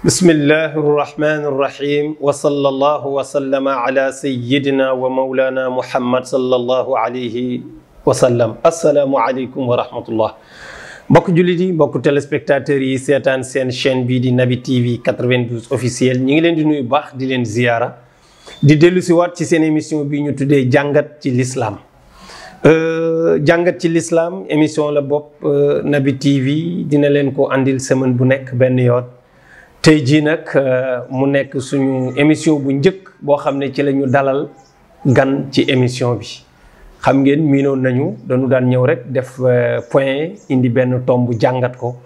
بسم الله الرحمن الرحيم وصلى الله وسلم على سيدنا ومولانا محمد صلى الله عليه وسلم السلام عليكم ورحمة mbokk jullit yi mbokk téléspectateurs yi seetaan seen chaîne bii di Naby TV 92 officiel ñi ngi leen di nuyu baax di leen ziyaara di dellu si waat ci seen émission bi ñu tuddee jàngat ci lislaam euh, jàngat ci lislaam émission la bopp euh, Naby TV dina leen ko andil semaine bu nekk benn yoon tey jii nag euh, mu nekk suñu émission bu njëkk boo xam ne ci la ñu dalal gan ci émission bi xam ngeen miinoon nañu dañu daan ñëw rek def euh, point indi benn tomb jàngat ko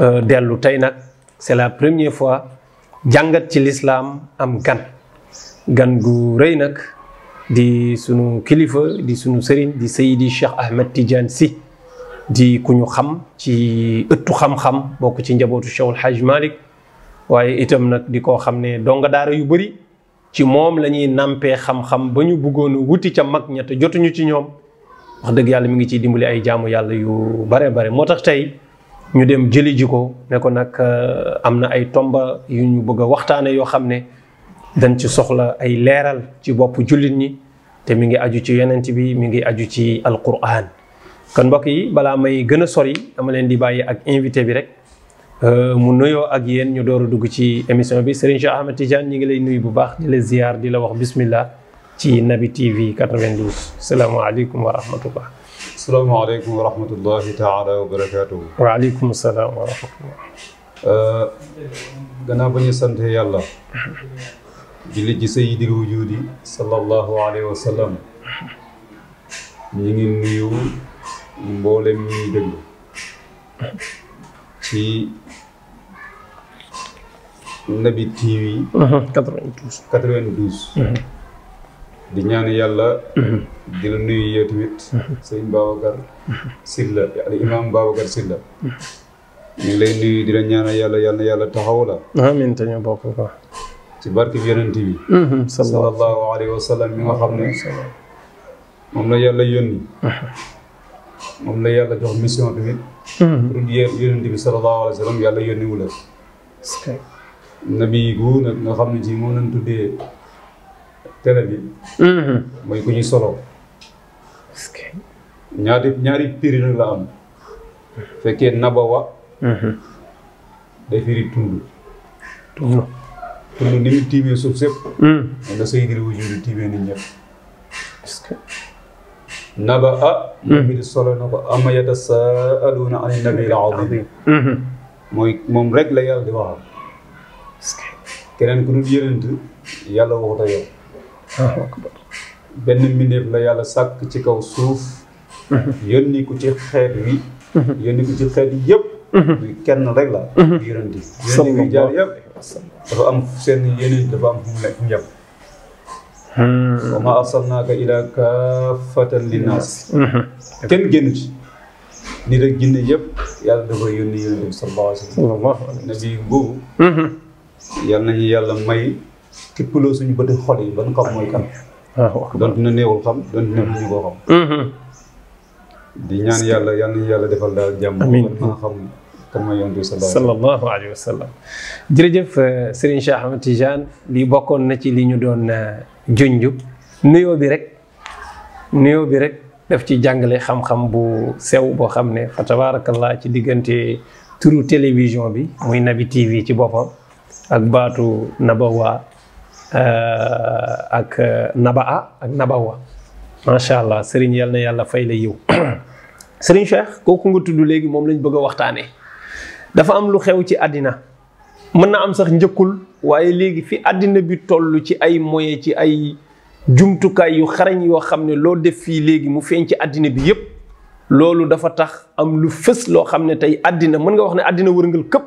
euh, dellu tey nag c'est la première fois jàngat ci lislaam am gan gan gu rëy nag di sunu kilifa di suñu sëriñ di Seydi Cheikh Ahmed Tidiane si di ku ñu xam ci ëttu xam-xam bokk ci njabootu Cheikhul Hadj Malick waaye itam nag di koo xam ne donga daara yu bëri ci moom la ñuy nampee xam-xam ba ñu bëggoon wuti ca mag ñett jotuñu ci ñoom wax dëgg yàlla mi ngi ciy dimbali ay jaamu yàlla yu bare bare moo tax tey ñu dem jëli ji ko ne ko nag euh, am na ay tomba yu ñu bëgg a waxtaane yoo xam ne dañ ci soxla ay leeral ci bopp jullit ñi te mi ngi aju ci yonent bi mi ngi aju ci alquran kon mbokk yi balaa may gën a sori dama leen di bàyyi ak invité bi rek Euh, mu nuyoo ak yéen ñu door a dugg ci émission bi Serigne Cheikh Ahmed Tidiane ñu ngi lay nuyu bu baax di la ziar di la wax bismillah ci Nabi TV 92 salaamaaleykum wa rahmatullah. taala wa barakaatu. waaleykum salaam wa rahmatullah. Euh, gannaaw ba ñu sant yàlla. julli ji sayyidil wujudi sallallahu alayhi wa sallam. ñu nuyu mboolem ñuy déglu. ci Naby TV. 92 92. di ñaan yàlla. Uh-huh. di la nuyu yow tamit. Uh-huh. sëñ uh-huh. Babacar. Sylla al imaam Babacar Sylla. ñu lay nuyu di la ñaanal yàlla yal na yàlla taxaw la. te ñu bokk ko. ci barke bi yonent bi. sallallahu alayhi wa sallam mi xam ne. moom la yàlla yónni. moom la yàlla jox mission tamit. pour yonent bi sallallahu alayhi yàlla yónni nabi gu nag nga xam ne ci moom lañ tuddee télé bi. Mm-hmm. mooy ku ñuy solo. parce que ñaari piri nag la am. fekkee nabawa. Mm-hmm. day firi tund. tund tund ni mu suuf sëpp. nga mm. sayyidil wujuudi tiimee nit ñëpp. naba a. nabi di mm-hmm. moom rek la yàlla di waxal. keneen ku dul yonent yàlla waxut ak benn mbindeef la yàlla sàkk ci kaw suuf yónni ko ci xeet mhm. ko ci xeet yi yëpp mhm. kenn rek la mhm. yonent yi yonent yi jaar yëpp dafa am seen yonent dafa am fu mu nekk ñëpp hmm. wa ma arsalnaaka ilaa kaafatan linnaas kenn génn ci nit ak jinne yëpp yàlla dafa yónni yonent bi sallallahu alayhi wa sallam nabi boobu yal nañu yàlla may tippaloo suñu bëti xol yi ba nu xam mooy kan doon dina néewul xam doon dina bu ñu koo xam mm-hmm. di ñaan yàlla yal nañu yàlla defal daal jàmm amiin ba nga xam kan mooy yonent bi sallallahu alayhi wa sallam jërëjëf euh, bokkoon na ci li ñu doon euh, junjub nuyoo bi rek nuyoo bi rek daf ci jàngale xam-xam bu sew boo xam ne fa tabarakallah ci diggante turu télévision bi muy Nabi TV ci boppam ak baatu nabawa euh, ak euh, nabaa ak nabawa macha allah sëriñ yal yàlla fay la yiw sëriñ Cheikh kooku nga tudd léegi moom lañu bëgg a waxtaanee dafa am lu xew ci àddina mën na am sax njëkkul waaye léegi fi àddina bi toll ci ay moye ci ay jumtukaay yu xarañ yoo xam ne loo def fii léegi mu feeñ ci àddina bi yépp loolu dafa tax am lu fës loo xam ne tey àddina mën nga wax ne àddina wërngal këpp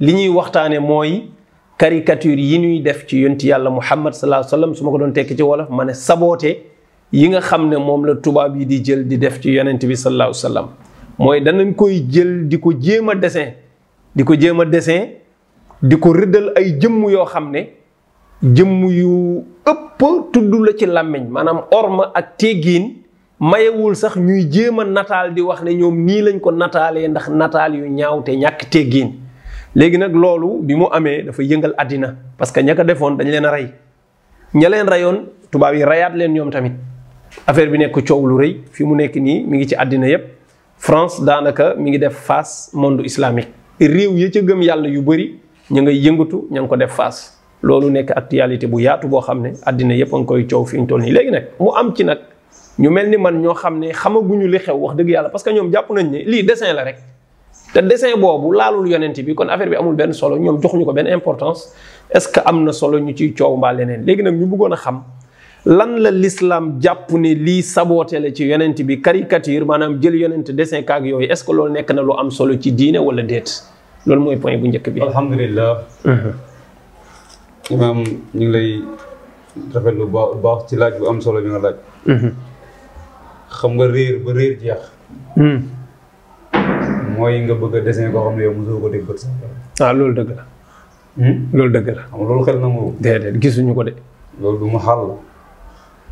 li ñuy waxtaane mooy caricature yi ñuy def ci yonti yàlla muhammad sallallahu alayhi wasallam su ma ko doon tekki ci wolof ma ne saboote yi nga xam ne moom la tubaab yi di jël di def ci yonent bi sallallahu alayhi wasallam mooy danañ koy jël di ko jéem a dessin di ko jéem a dessin di ko rëddal ay jëmm yoo xam ne jëmm yu ëpp tudd la ci làmmiñ maanaam orma ak teggiin mayewul sax ñuy jéem a nataal di wax ne ñoom nii lañ ko nataalee ndax nataal yu ñaaw te ñàkk teggiin léegi nag loolu bi mu amee dafa yëngal àddina parce que ña defoon dañ leen a rey ña leen reyoon tubaab yi reyaat leen ñoom tamit affaire bi nekk coow lu rëy fi mu nekk nii mi ngi ci àddina yépp France daanaka mi ngi def face monde islamique réew ya ca gëm yàlla yu bëri ñu ngay yëngatu ña ngi ko def face loolu nekk actualité bu yaatu boo xam ne àddina yépp a ngi koy coow fi ñu toll nii léegi nag mu am ci nag ñu mel ni man ñoo xam ne xamaguñu li xew wax dëgg yàlla que ñoom jàpp nañ ne lii dessin la rek te dessin boobu laalul yonent bi kon affaire bi amul benn solo ñoom joxuñu ko benn importance est-ce que am na solo ñu ciy coow mbaa leneen léegi nag ñu bëggoon a xam lan la l'islam jàpp ni lii saboote la ci yonent bi caricature maanaam jël yonent dessin kaag yooyu est-ce que loolu nekk na lu am solo ci diine wala déet loolu mooy point bu njëkk bi. alhamdulilah. Mhm. imaam ñu ngi lay rafetlu bu baax ci laaj bu am solo bi nga laaj. Mhm. xam nga réer ba réer jeex. Mhm. mooy nga bëgg desin dessin xam ne yow ko dégg bët sax. ah loolu dëgg la. Hmm? loolu dëgg la. xam loolu xel na mu woo. déedéet gisuñu ko de. loolu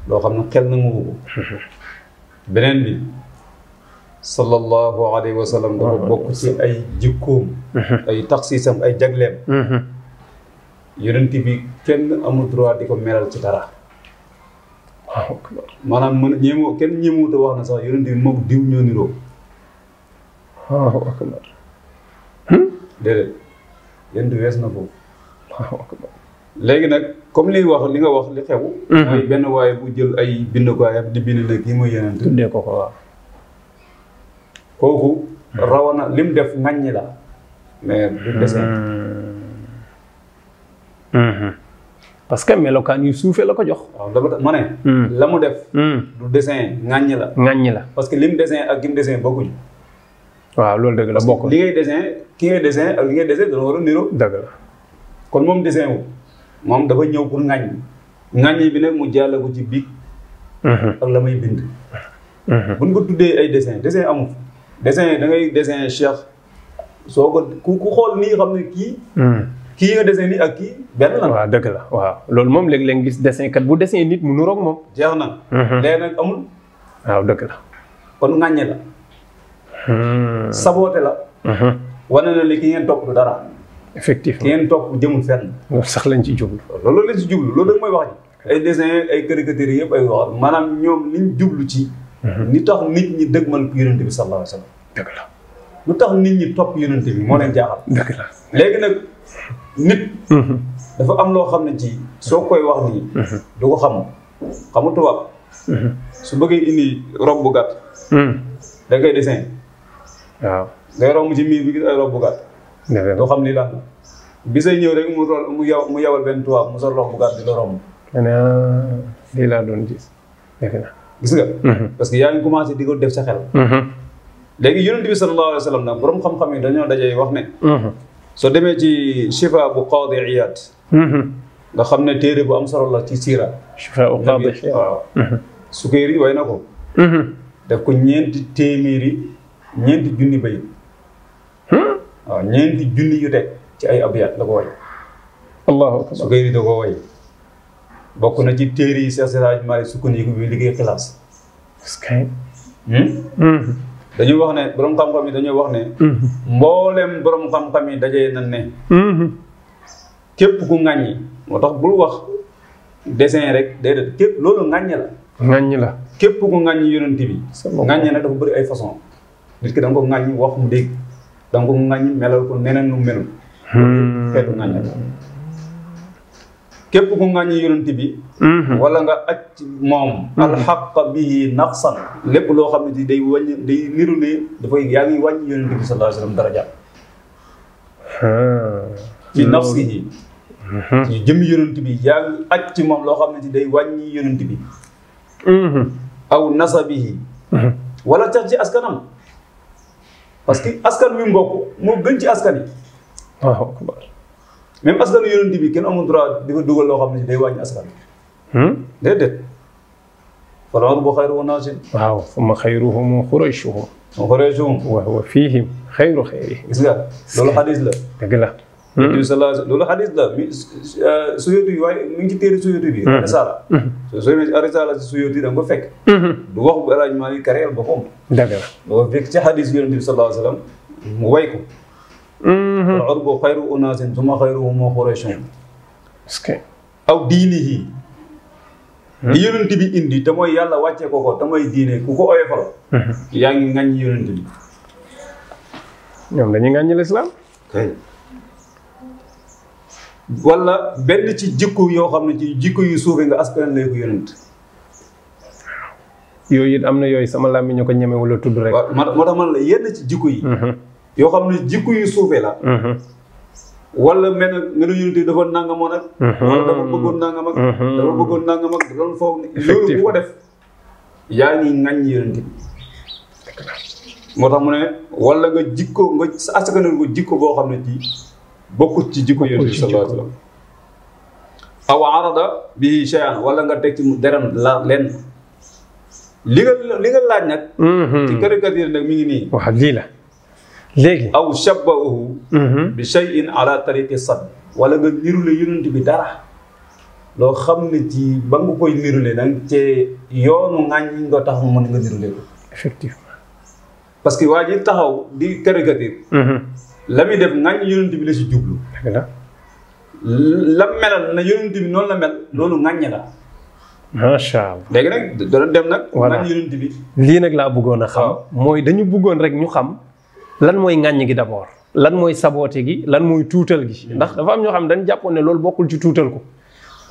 du xam ne xel na mu woo. beneen bi. sallallahu alayhi wa sallam dafa bokk si ay jikkoom. Hmm. ay taxisam ay jagleem. Hmm. yonent bi kenn amul droit di ko melal ci dara. maanaam man ñeemoo kenn ñeemoo te wax na sax yonent bi moom diw ñoo niroo. waaw hmm? wees na foofu waaw léegi nag comme li wax li nga wax li xew hmm. mooy benn waaye bu jël ay bindukaayam di bind ne kii mooy yeneen tuddee ko ko waaw kooku rawana lim def ŋàññi la mais du dessin hmm. parce que melokaan yu suufee la ko jox. waaw dama ma ne. la mu def. du dessin ŋàññi la. ŋàññi la parce que lim dessin ak lim dessin bokkuñu. waaw loolu dëgg la bokk li ngay dessin ki ngay dessin ak li ngay dessin dana a niroo. dëgg kon moom dessin wu moom dafa ñëw pour ŋaññi. bi nag mu jàll ko ci biig. Mhm. ak la may bind. Mhm. buñ ko tuddee ay dessin dessin amul. dessin da ngay dessin Cheikh soo ko ku xool ni xam ne kii. Mhm. kii nga dessin nii ak kii benn la. waaw dëgg la waaw loolu moom léeg-léeg nga gis dessin kat bu dessin nit mu nuroog moom. jeex na. léegi nag amul. waaw dëgg la. kon ŋaññi la. Hmm. saboote la. Hmm. wane na li ngeen topp du dara. effectivement ki ngeen topp jëmul fenn. loolu sax lañ ci jublu. loolu lañ ci jublu loolu rek mooy wax ji. ay dessin ay caricature yëpp ay wax maanaam ñoom liñ jublu ci. ni hmm. tax nit ñi dëgg man ku yonent bi sallallahu alayhi wa la lu tax nit ñi topp yonent bi moo leen jaaxal. léegi nag nit. dafa am loo xam ne ci soo koy wax nii. du ko xam xamu tubaab. su bëggee indi robe gàtt. da ngay waaw day romb ci miir bi gis ay rob doo xam ni la bisay ñëw rek mu mu mu yawal benn tubaab mu sol rob bu gàtt di la romb ah, lii laa doon gis defe naa gis nga mhm. parce que yaa ngi commencé di ko def sa xel mhm. léegi yonent bi sallallahu alayhi wa nag borom xam-xam yi dañoo dajee wax ne mhm. soo demee ci shifa bu qaadi iyaad nga xam ne téere bu am solo la ci siira sukkeeri way na ko def ko ñeenti téeméeri ñeenti junni bayit hmm? waaw ñeenti junni yu teg ci ay abiyat la ko way allahu akbar su koy da ko way bokk na ci téere yi Seex Siraaj Maalik sukkandiku bi liggéey xilaas hmm? Hmm. dañuy wax ne borom xam-xam yi dañuy wax ne mbooleem borom xam-xam yi dajee nañ ne képp ku ŋàññi moo tax bul wax dessin rek déedéet képp loolu ŋàññi la ŋàññi la képp ku ŋàññi yonent bi ŋàññi nag dafa bëri ay façon nit ki da nga ko ŋàññi wax mu dégg da nga ko ŋàññi melal ko neneen nu melul hmm. xeetu ŋàññi képp ku ŋàññi yonent bi hmm. wala nga aj moom hmm. alxaq bihi naqsan lépp loo xam ne day wàññi day niru ne dafay yaa ngi wàññi yonent bi sallallahu alayhi wa sallam daraja fi nafsihi ci jëmmi yonent bi yaa ngi aj ci moom loo xam ne day wàññi yonent bi aw nasabihi wala tax ci askanam parce que askan wi mbokk moo gën ci askan yi. waaw même askan wi yonent bi kenn amul droit di fa dugal loo xam ne day wàññi askan wi. Hmm? déedéet. fal ardu xayru naasin. waaw summa xayruhum wa xuraychuhum. wa xuraychuhum. wa huwa fiihim xayru xayrihim. gis nga loolu xadis la. dëgg la. Hmm. loolu xadis la suyuti waaye mi ngi ci téere suyuti bi hmm. risala hmm. soo risala si suyuti ko fekk du wax bu El Hadj Malick karéel boppam d'accord doo fekk ci xadis yonent bi sallallahu alayhi wa mu way ko al-urbu xayru unaasin summa xayruhum bi indi te mooy yàlla wàccee ko ko te mooy diine ku ko oyofal yaa ngi ngañ yonent bi ñoom dañuy ngañ lislaam wala benn ci jikko yoo xam ne ci jikko yu suufe nga askan lay ko yonent yooyu it am na yooyu sama làmmiñ ñu ko ñeme wala tudd rek moo tax la yenn ci jikko yi mm-hmm. yoo xam ne yu suufe la mm-hmm. wala mel na nga ne yonent dafa nangamoon mm-hmm. ngi ŋaññ yonent tax mu ne wala nga jikko nga askan ko jikko boo xam ne ci bokkut ci jikko yonent bi sallallahu alayhi wa sallam aw arada bihi shay'an wala nga teg ci mu deram la lenn li nga laaj nag mm-hmm. ci caricature nag mi ngi nii waaw lii la léegi aw shabbahu mm-hmm. bi shay'in ala tariqi sad wala nga nirule yonent bi dara loo xam ne ji ba koy nirule da nga cee yoonu ŋàññi nga tax mu nga nirule ko effectivement parce que taxaw di caricature mm-hmm. la muy def ngañ yonent bi la si jublu. la melal na yonent bi noonu la mel loolu ngañ la. macha allah léegi nag doon dem nag. voilà lii nag laa bëggoon a xam. mooy dañu bëggoon rek ñu xam lan mooy ngañ gi d'abord. lan mooy saboote gi lan mooy tuutal gi. ndax dafa am ñoo xam ne dañu jàppoon ne loolu bokkul ci tuutal ko.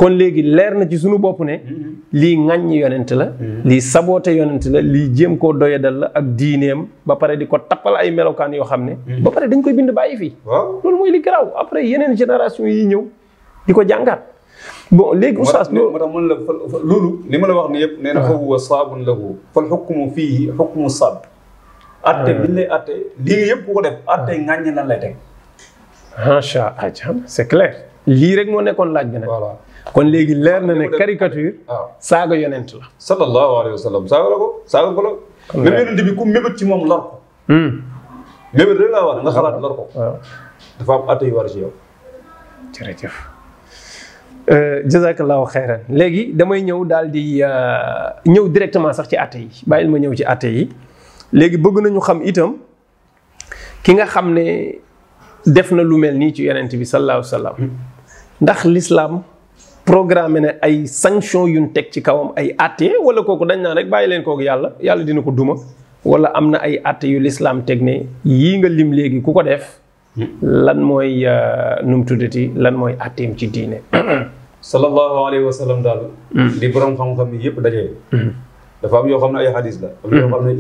kon léegi leer na ci sunu bopp ne mm-hmm. lii ŋàññ yonent la mm-hmm. lii saboote yonent la lii jéem koo doyadal la ak diineem ba pare di ko tappal ay melokaan yoo xam ne mm-hmm. ba pare dañ koy bind bàyyi fii loolu mooy li garaaw après yeneen génération yi ñëw di ko jàngaat bon léegi oustaz loolu li ma la wax ni yëpp nee na fa ah. huwa saabun foog fal xukmu fii xukmu saab atte ah. bi lay atte lii yëpp ku ko def atte ah. ŋàññ lan lay teg macha c'est clair lii rek moo nekkoon laaj bi nag kon léegi leer na ne caricature saaga yonent la sallallahu alayhi wa sallam saaga la ko saaga bi ku mébét ci moom lor ko hmm. mébét rek laa nga xalaat lor ko dafa am atte yu war ci yow jërëjëf euh, jazakallahu xayran léegi damay ñëw daal di euh, ñëw directement sax ci atte yi bàyyil ma ñëw ci atte yi léegi bëgg nañu xam itam ki nga xam ne def na lu mel nii ci yonent bi sallallahu alayhi ndax lislaam programme ne ay sanction yuñ teg ci kawam ay àtte wala kooku dañ naan rek bàyyi leen kooku yàlla yàlla dina ko duma wala am na ay àtte yu lislaam teg ne yii nga lim léegi ku ko def lan mooy euh, nu mu tuddati lan mooy àtteem ci diine sallallahu alayhi wa sallam daal hmm. li borom xam yëpp dajee hmm. dafa am yoo xam la am yoo xam ne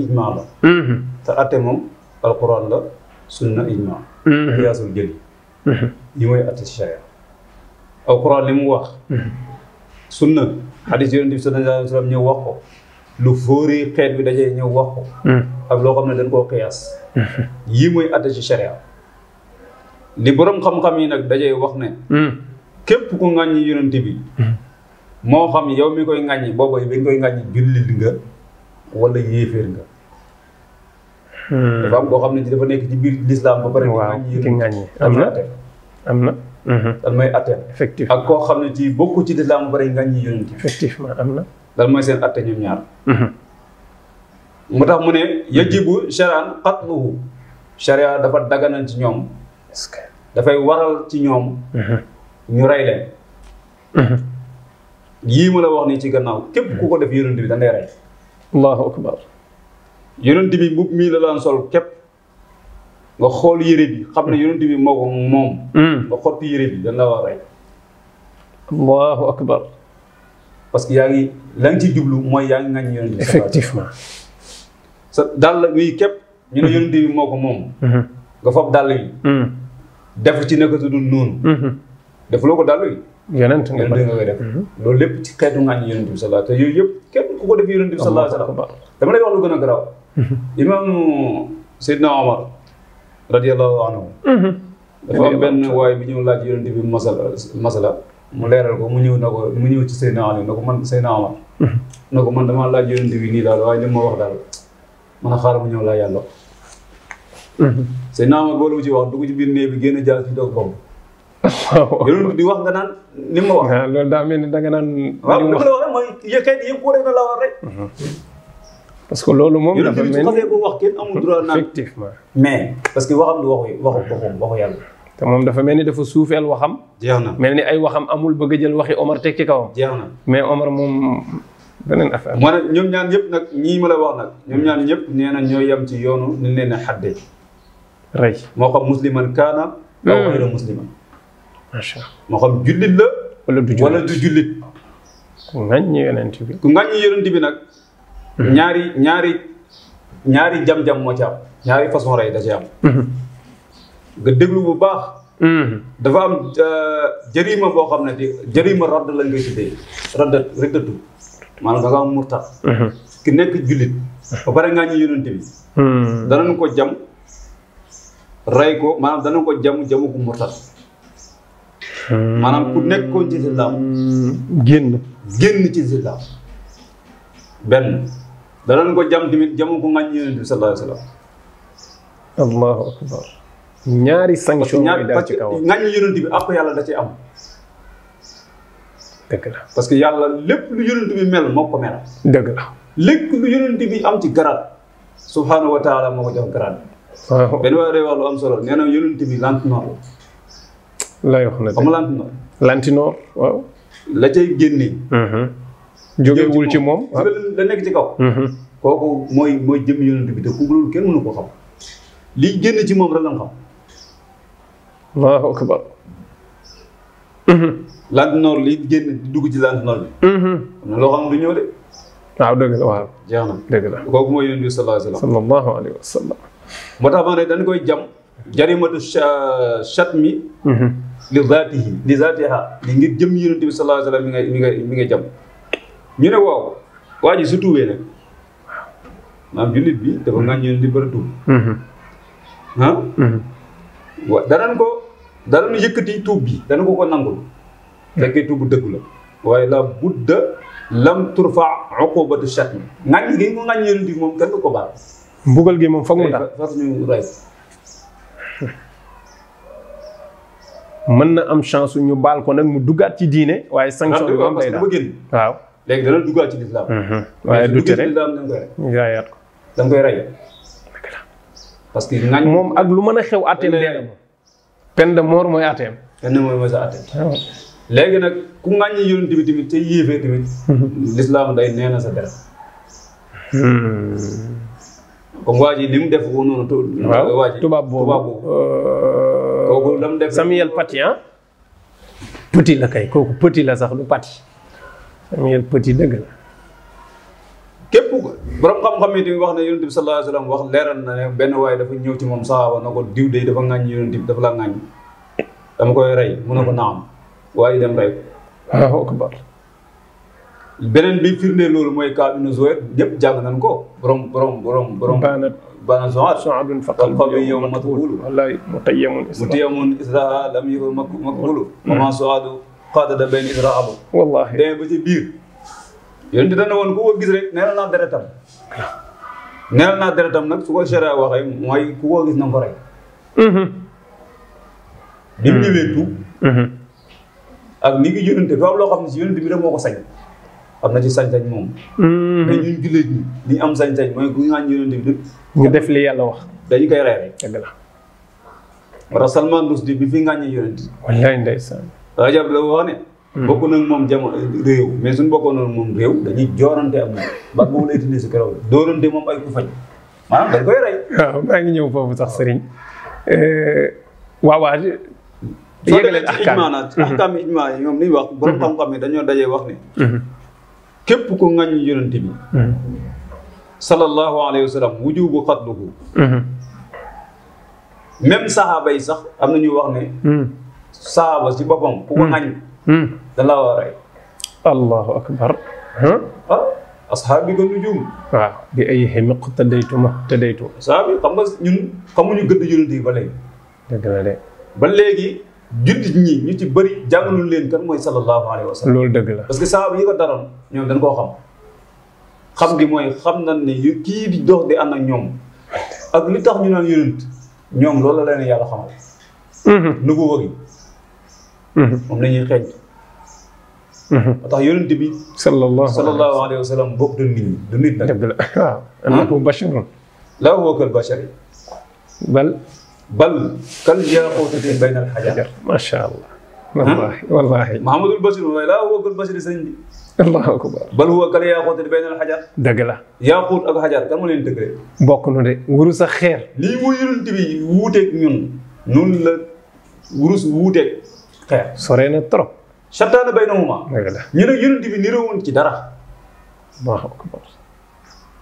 ijma hmm. jëli yi mooy àtte ci sharia alxuraan li mu wax hmm. sunna xadis yonent bi sallallahu alayhi wa sallam ñëw wax ko lu fóori xeet bi dajee ñëw wax ko hmm. ak loo xam ne dañ koo xiyaas hmm. yii mooy atte ci sharia li borom xam-xam yi nag dajee wax ne képp ku ŋàññi yonent bi moo xam yow mi koy ŋàññi booba bi nga koy ŋàññi jullit nga wala yéeféer nga dafa am koo xam ne dafa nekk ci biir lislaam ba pare waaw ki ŋàññi am na am na Mhm. lan mooy atteem. effectivement ak koo xam ne ci bokku ci lislaam bu bëri nga ñi yonent bi. effectivement am na. lan mooy seen atte ñoom ñaar. mu mhm. tax mu ne yajibu sharaan qatluhu sharia dafa daganal ci ñoom. dafay waral ci ñoom. Mhm. ñu rey leen. yii ma la wax nii ci gannaaw képp ku ko def yonent bi dañ rey. allahu akbar. yonent bi mbubb mii la daan sol képp. nga xool yére bi xam ne yonent bi moo ko moom. Hmm. nga xotti yére bi dañ la war a rey. allahu akbar. parce que yaa ngi la ci jublu mooy yaa ngi ngañ yonent bi. effectivement. képp ñu ne yonent bi moo ko moom. Hmm. nga fob dàll yi. Hmm. def ci nekk du noonu. def loo ko dal yi. yonent nga koy lépp ci xeetu ngaañ yonent bi sallallahu alayhi yooyu yëpp kenn ku ko def yonent bi sallallahu alayhi wasallam dama lay wax lu gën a garaaw. imaam Seydina Omar. radiyallahu anhu mm-hmm. dafa am benn waaye bi ñëw laaj yonent bi masala mu leeral ko mu ñëw na ko mu ñëw ci Seydina Ali na ko man Seydina Omar mm-hmm. na ko man damaa laaj yonent nii daal waaye li ma wax daal man a xaaral mu ñëw laa yàlla mm-hmm. Seydina Omar boolu ci wax dugg ci biir néeg bi génn jaar ci doog bopp yonent bi wax nga naan ni wax loolu daa mel ni daga nga naan wax rek mooy yëkkati yëpp wóoree na wax rek parce que loolu moom dafa mel ni mais parce que waxam du yàlla. te moom dafa mel ni dafa suufeel waxam. jeex na mel ni ay waxam amul bëgg a jël waxi Omar teg ci kawam. na mais Omar moom beneen affaire. moo ne ñoom ñaan ñëpp nag ñii ma la wax nag. ñoom ñaan ñëpp nee na ñoo yem ci yoonu ni leen a xàddee. rey moo xam musliman kaana. Hmm. moo xam jullit la. wala du jullit ku ngañ ñu yonent bi. ku ngañ ñu yonent bi nag. Mhm. ñaari ñaari jam-jam moo ci am ñaari façon rey da ci am mhm. nga déglu bu baax mhm. dafa am euh, jërima boo xam ne di jërima radd la ngay tuddee radd riddatu maanaam da nga am murtat ki nekk jullit ba pare ngaa ñu yonent bi danañ ko jam rey ko maanaam danañ ko jam jamu ko murtat maanaam ku nekkoon ci lislaam génn génn ci lislaam benn danañ ko jam tamit jamu ko ŋàññi yonent bi sallallahu alayhi wa sallam. allahu akbar ñaari sanction mooy dal ci kawam parce que ŋàññi ak yàlla da cee am. parce que yàlla lépp lu yonent bi mel moo ko mel. dëgg la lépp lu yonent bi am ci garaat. subhaanahu wa moo ko jox garaat. waaw benn waaye day wax am solo nee na yonent bi lantinoor la. lay wax na dëgg xam nga lantinoor. lantinoor waaw. la cay génne. Mhm. jógewul ci moom la nekk ci kaw mhm. kooku mooy mooy jëmm yonent bi te ku loolu kenn mënu ko xam li génn ci moom rek lañ xam allahu akbar mhm. lant noor li génn di dugg ci lant noor bi mhm. na loo xam du de waaw dëgg la waaw jeex na dëgg la kooku mooy yonent bi sallallahu alayhi moo tax dañ koy jam jarimatu chatmi li zaatihi li zaatiha li ngir jëmm yonent bi sallallahu alayhi wa sallam mi nga mi nga mi nga jam ñu ne waaw waa ji su tuubee nag maanaam jullit bi dafa ngaan ñu ne di bëri tuub ah wa yëkkati tuub bi danañ ko ko nangul fekkee tuub dëgg la waaye la budda lam turfa uqubatu shatmi ngañ gi nga ngañ yonent bi moom kenn ko baal mbugal gi moom foog mu tax mën na am chance ñu baal ko nag mu duggaat ci diine waaye sanction bi moom daal waaw léegi dana duggaat ci lislaam. waaye mhm. du tere ko da koy ray parce que ngañ moom ak lu mën a xew atteem dee peine de mort mooy atteem peine ah léegi nag ku ngañ yonent bi tamit te yéefee tamit mhm. sa deret comme waa ji li mu def woon noonu waaw tubaab boobu euh, kooku lam def Samuel Paty ah la kay kooku petit la sax lu Paty Samuel Petit dëgg képp ko borom xam-xam yi wax na yonent bi sallallahu alayhi wax leeral na ne benn waaye dafa ñëw ci moom saxaaba na ko diw day dafa ŋàññ yonent bi dafa la ŋàññ dama koy rey mun na ko waaye dem rey beneen bi firnde loolu mooy kaa ibn Zuhayr ñëpp jàng nañ ko borom borom borom borom. baana baana zonaat zonaatun faqal bi yow matbulu wallaay mu tayyamun isra mu tayyamun isra lam yow makbulu. xaada da benn isra abu wallaahi demee ba ci biir yonent dana woon ku ko gis rek naa deretam neenal naa deretam nag su ko sharia waxee mooy ku ko gis na nga ko rey mm-hmm. bi mu mm-hmm. ak ni ngi yonent dafa am loo xam ne si yonent bi rek moo ko sañ am na ci sañ-sañ moom mais mm-hmm. ñun jullit ñi am sañ-sañ mooy ku ñaan yonent bi ñu def li yàlla wax dañu koy rey rek dëgg la war a fi ngàññee yonent wallaay rajab la wax ne hmm. bokk nag moom jamono réew mais suñu noonu moom réew dañuy joorante am moom bat boobu lay tuddee si keroog dóorante moom ay ku faj maanaam dañ koy rey waaw maa ngi ñëw foofu sax sëriñ euh, waaw waaw yëgaleen ahkaam ijma hmm. yi ñoom niñ wax borom hmm. xam-xam yi dañoo dajee wax ne képp ku ŋàññu yonent bi sallallahu alayhi wa sallam wujubu xatluhu même saxaaba yi sax am na ñu wax ne saaba si boppam ku ko hmm. ŋañ hmm. da la war a rey allahu akbar ah asxaabi ga nujum waaw bi ay ximiq tëddaytuma tëddaytu saabi xam nga ñun xamuñu gëdd yu yi ba léegi dëgg la de ba ñi ñu ci bëri jàngaluñ leen kan mooy sallallahu alayhi wa sallam loolu dëgg la parce que saaba yi ko daroon ñoom dañ koo xam xam gi mooy xam nañ ni yu kii di dox di ànd ak ñoom ak li tax ñu naan yonent ñoom loolu la leen yàlla xamal nu ko wëri Mm-hmm. moom la ñuy xeeñ. ba mm-hmm. tax yonent bi. sallallahu alayhi wa sallam bokk du nit ñi du nit nag. dëgg la waaw. Ah. annahu ah. basharun. laa huwa kal bashari. bal. bal kal yaaquutatin bayna al hajar. macha allah. wallaahi hmm? wallaahi. Mahamadul Bashir waaye laa huwa kal bashari sëñ bi. allahu akbar. bal huwa kal yaaquutatin bayna al hajar. dëgg la. yaaquut ak hajar kan ma leen dëgg bokk na de wuru sa xeer. lii mu yonent bi wuuteeg ñun. ñun la wurus wuuteeg. xeer sore na trop. sataana baynahuma. ñu ne yonent bi niroowul ci dara.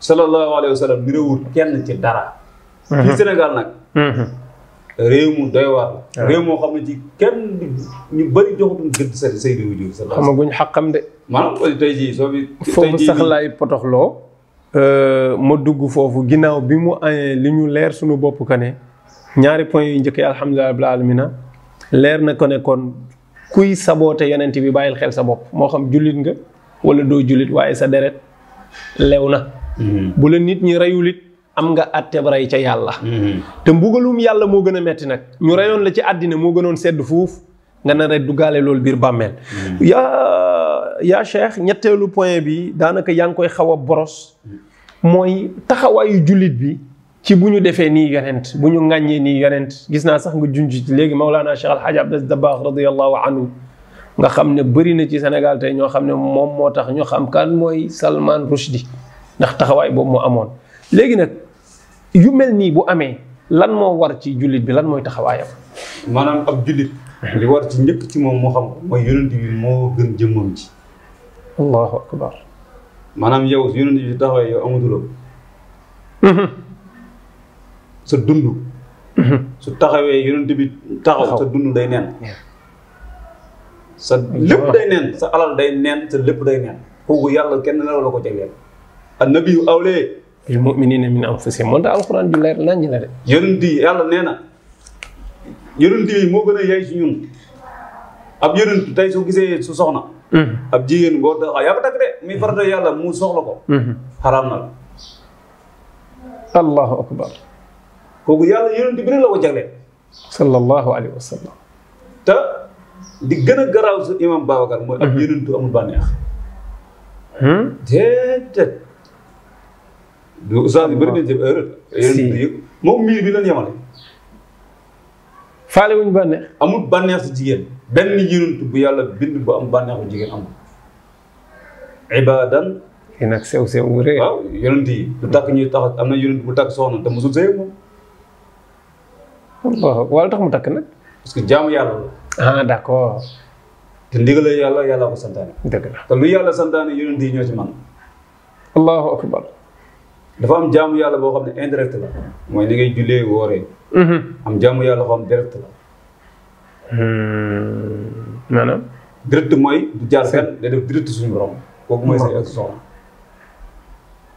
sallallahu alayhi wa sallam niroowul kenn ci dara. fii Sénégal nag. réew mu doy waar la. réew moo xam ne ci kenn ñu bëri joxutum gëdd sa Seydou Wujur. xamaguñ xàqam de. maanaam tey jii soo bi. foofu sax laay potoxloo. ma dugg foofu ginnaaw bi mu añee li ñu leer suñu bopp ka ne ñaari point yu njëkk yi alhamdulilah rabbil alamina leer na ko ne kon kuy saboote yonent bi bàyyil xel sa bopp moo xam jullit nga wala doo jullit waaye sa deret lew na mm-hmm. bu la nit ñi reyul it am nga àtteb rey ca yàlla mm-hmm. te mbugalum yàlla moo gën a metti nag ñu reyoon la ci àddina moo gënoon sedd foofu nga na rey duggaale loolu biir bàmmeel mm-hmm. yaa yaa ñetteelu point bi daanaka yaa ngi koy xaw a boros mooy taxawaayu jullit bi ci bu ñu defee nii yonent bu ñu ŋàññee nii yonent gis naa sax nga junj ci léegi Maulana Cheikh Al Hadj Abdou Dabakh radiyallahu anhu nga xam ne bëri na ci Sénégal tey ñoo xam ne moom moo tax ñu xam kan mooy salmaan Rushdie ndax taxawaay boobu moo amoon. léegi nag yu mel nii bu amee lan moo war ci jullit bi lan mooy taxawaayam. maanaam ab jullit. li war ci njëkk ci moom moo xam mooy yonent bi moo gën jëmmam ji. allahu akbar. maanaam yow yonent bi taxawaay sa dund mhm. su taxawee yonent bi taxaw sa dund day neen sa lépp day neen sa alal day neen sa lépp day neen kooku yàlla kenn la la ko jagleel am awlee bil mu'minina min anfusihim moom tax alxuraan la de yonent yi na yonent yi moo gën a yay si ñun ab yonent tey soo gisee su soxna mhm. ab jigéen boo da ah, yaa ko takk de muy farata yàlla mu soxla ko mhm. xaraam na allahu akbar kooku yàlla yonent bi rek la ko jagleel. sallallahu wa sallam. te di gën a garaaw su imam Babacar mooy. ak mhm. yonentu amul bànneex. Hmm? déedéet. du miir bi lan yemale. faale wuñ bànneex. amul bànneex si jigéen. benn yonentu bu yàlla bind bu am bànneexu jigéen amul. ibadan. kii nag sew sew bu rëy. waaw yonent yi. du takk ñuy tax na yonent bu takk soxna te mosul sëy moom. waaw wala tax mu takk nag. parce que jaamu yàlla la. ah d' accord. te ndigaloo yàlla yàlla ko santaane. dëgg la te lu yàlla santaane yonent ñoo ci man. allahu akbar. dafa am jaamu yàlla boo xam ne indirect la. mooy ni ngay jullee wooree. Mhm. am jaamu yàlla boo direct la. Hmm. maanaam. direct mooy. du jaar fenn day def direct suñu borom. kooku mooy say action.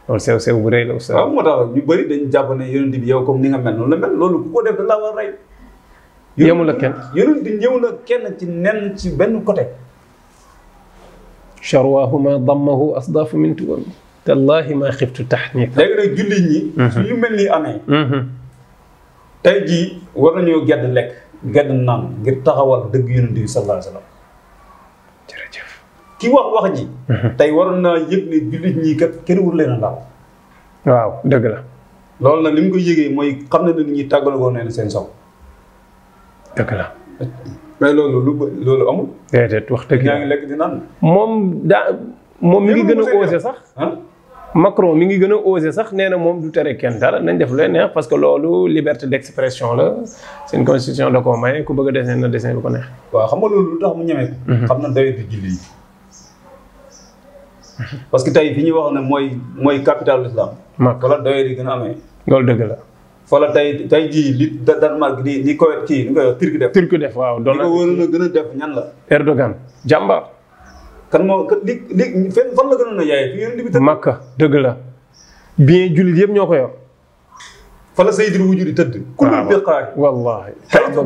loolu sew sew bu rëy la oustaz. moo tax ñu bëri dañu jàpp ne yonent yow comme ni nga mel noonu la mel loolu ku ko def da laa war a rey. yemul ak kenn yonent bi ñëw na kenn ci nen ci benn côté. charwaahu ma dammahu asdaafu min tuwam tallaahi ma xiftu taxnika. léegi nag jullit ñi. Mhm. su ñu mel nii amee. Mhm. tey jii war nañoo gedd lekk gedd naan ngir taxawal dëgg yonent bi sallallahu alayhi wa sallam. ci wax wax ji. Mhm. tey waroon naa yëg ne jullit ñi kat kenn wut leen la laal. waaw dëgg la. loolu nag li mu koy yëgee mooy xam ne nit ñi tàggaloo neen seen sow. dëgg la. mais loolu lu loolu amul. wax dëgg yaa ngi lekk di naan. moom daa moom mi ngi gën a osé sax. Macron mi ngi gën a osé sax nee na moom du tere kenn dara nañ def lu leen neex parce que loolu liberté d'expression la seen constitution da koo maye ku bëgg a dessiner na dessiner lu ko neex. waaw xam nga loolu lu tax mu ñeme mhm. xam na doyatu julli yi. parce que tey fi ñuy wax ne mooy mooy capital islam. Makka wala gën a amee. loolu dëgg la. wala tey tey jii li Danemark di ni ko kii ni ko def. Turquie def waaw doon gën a def ñan la. Erdogan jàmbaar. kan moo li li la gënoon a yaay. yéen bi Makka dëgg la. bien jullit yëpp ñoo ko yor. fala sayyidil wujudi tëdd. waaw waaw kullu ah, biqaay.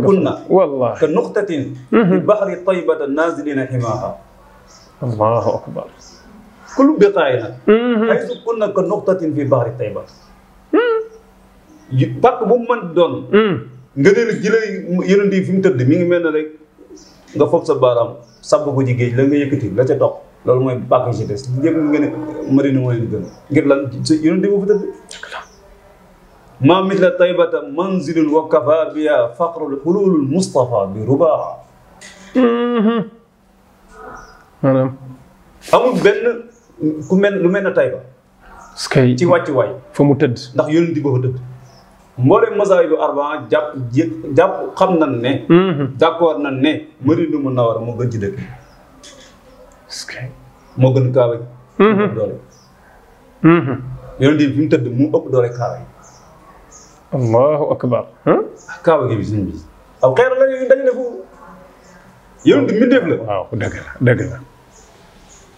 wallaahi ka nuqtatin. bi mhm. bahri taybata naazilina himaaha. allahu akbar. kullu biqaa'i nag. xaysu kunna ka nuqtatin fi bahri Tayba. pàcc bu mu mën doon. nga ne ji la yeneen fi mu tëdd mi ngi mel ne rek nga foog sa baaraam sàbb ko ci la nga yëkkati la ca dox loolu mooy pàcc yi ci des yëpp nga ne marine mooy lu gën ngir lan sa yeneen yi bu fi tëdd. maa mitla taybata manzilun wa kafa biha faqrul Mustafa bi rubaa. maanaam. amul ku mel lu mel ne Taïba ci wàccuwaay fa mu tëdd ndax yónni di ba fa tëdd mboolem masaay lu arba jàpp jàpp xam na ne mhm. d'accord nañ ne Madina Munawara moo gën ci dëkk moo gën kaaba mhm. ëpp doole mhm. yónni fi mu tëdd mu ëpp doole kaaba yi allahu akbar kaaba gi bi suñ bi aw xeer la dañ ne fu yónni mbindeef la waaw dëgg la dëgg la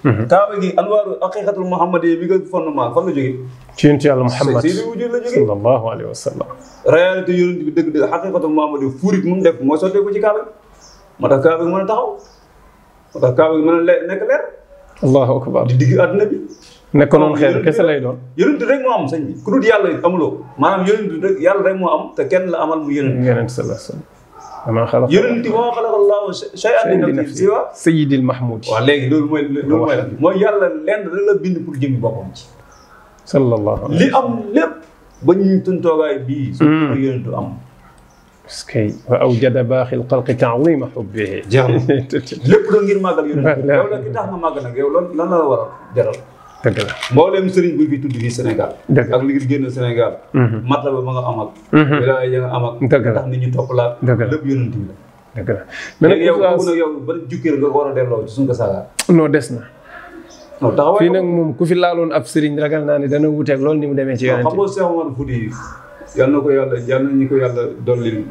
Mhm. kaaba gi alwaaru aqiqatul muhammadiya bi nga fondement fan la jógee. ci yonent yàlla Muhammad sallallahu alayhi wa sallam. réalité yonent bi dëgg-dëgg aqiqatul muhammadiya mu def moo sottee ko ci kaaba gi moo tax kaaba gi mën a taxaw moo kaaba gi mën a le nekk leer. allahu akbar di digg àdduna bi. nekk noonu xeer kese lay doon. yonent rek moo am sa bi ku dul yàlla amuloo maanaam yonent rek yàlla rek moo am te kenn la amal mu yonent. yonent sallallahu alayhi wa dama xalaat yonent bi moo xalaat allahu shay'an li nafsi siwa sayyidil mahmud waaw léegi loolu mooy loolu mooy la mooy yàlla lenn rek la bind pour jëmmi boppam ci sallallahu alayhi li am lépp ba ñuy tuntoogaay bii su hmm. ko yonentu am parce que wa awjada baaxil xalqi ta'zima hubbihi jeex na lépp la ngir màggal yonent yow la ki tax na màggal nag yow loolu lan la war a jaral dëgg la mboolem sëriñ bu fi tudd fii Sénégal. dëgg ak li ngir génn Sénégal. Mhm. matal ba ma nga am ak. Mhm. wilaay ya nga am ak. dëgg yow nag yow nga war a delloo ci suñu ko saaga. des na. non taxawaay fii nag moom ku fi laaloon ab sëriñ ragal naa ne dana wuuteeg loolu ni mu demee ci yonent bi. xam nga Omar Fouti yal na yàlla ñu ko yàlla dolli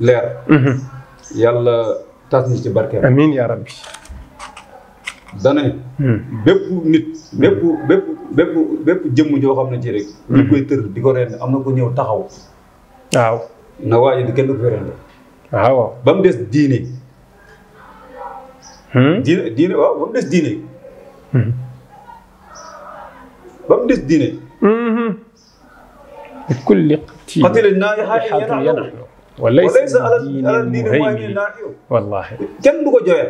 leer. Mhm. yàlla tas ñu ci barkeem. amiin yaa rabbi. dana hmm. bépp nit bépp bépp bépp bépp jëmm joo xam ne ci rek. Hmm. di ko rend am na ko ñëw taxaw. waaw na waaye di kenn ko fi rend. Ah, waaw ba mu des diine. Hmm? diine diine waaw ba mu des diine. ba mu des diine. kulli ci. xatile naa kenn du ko joxe.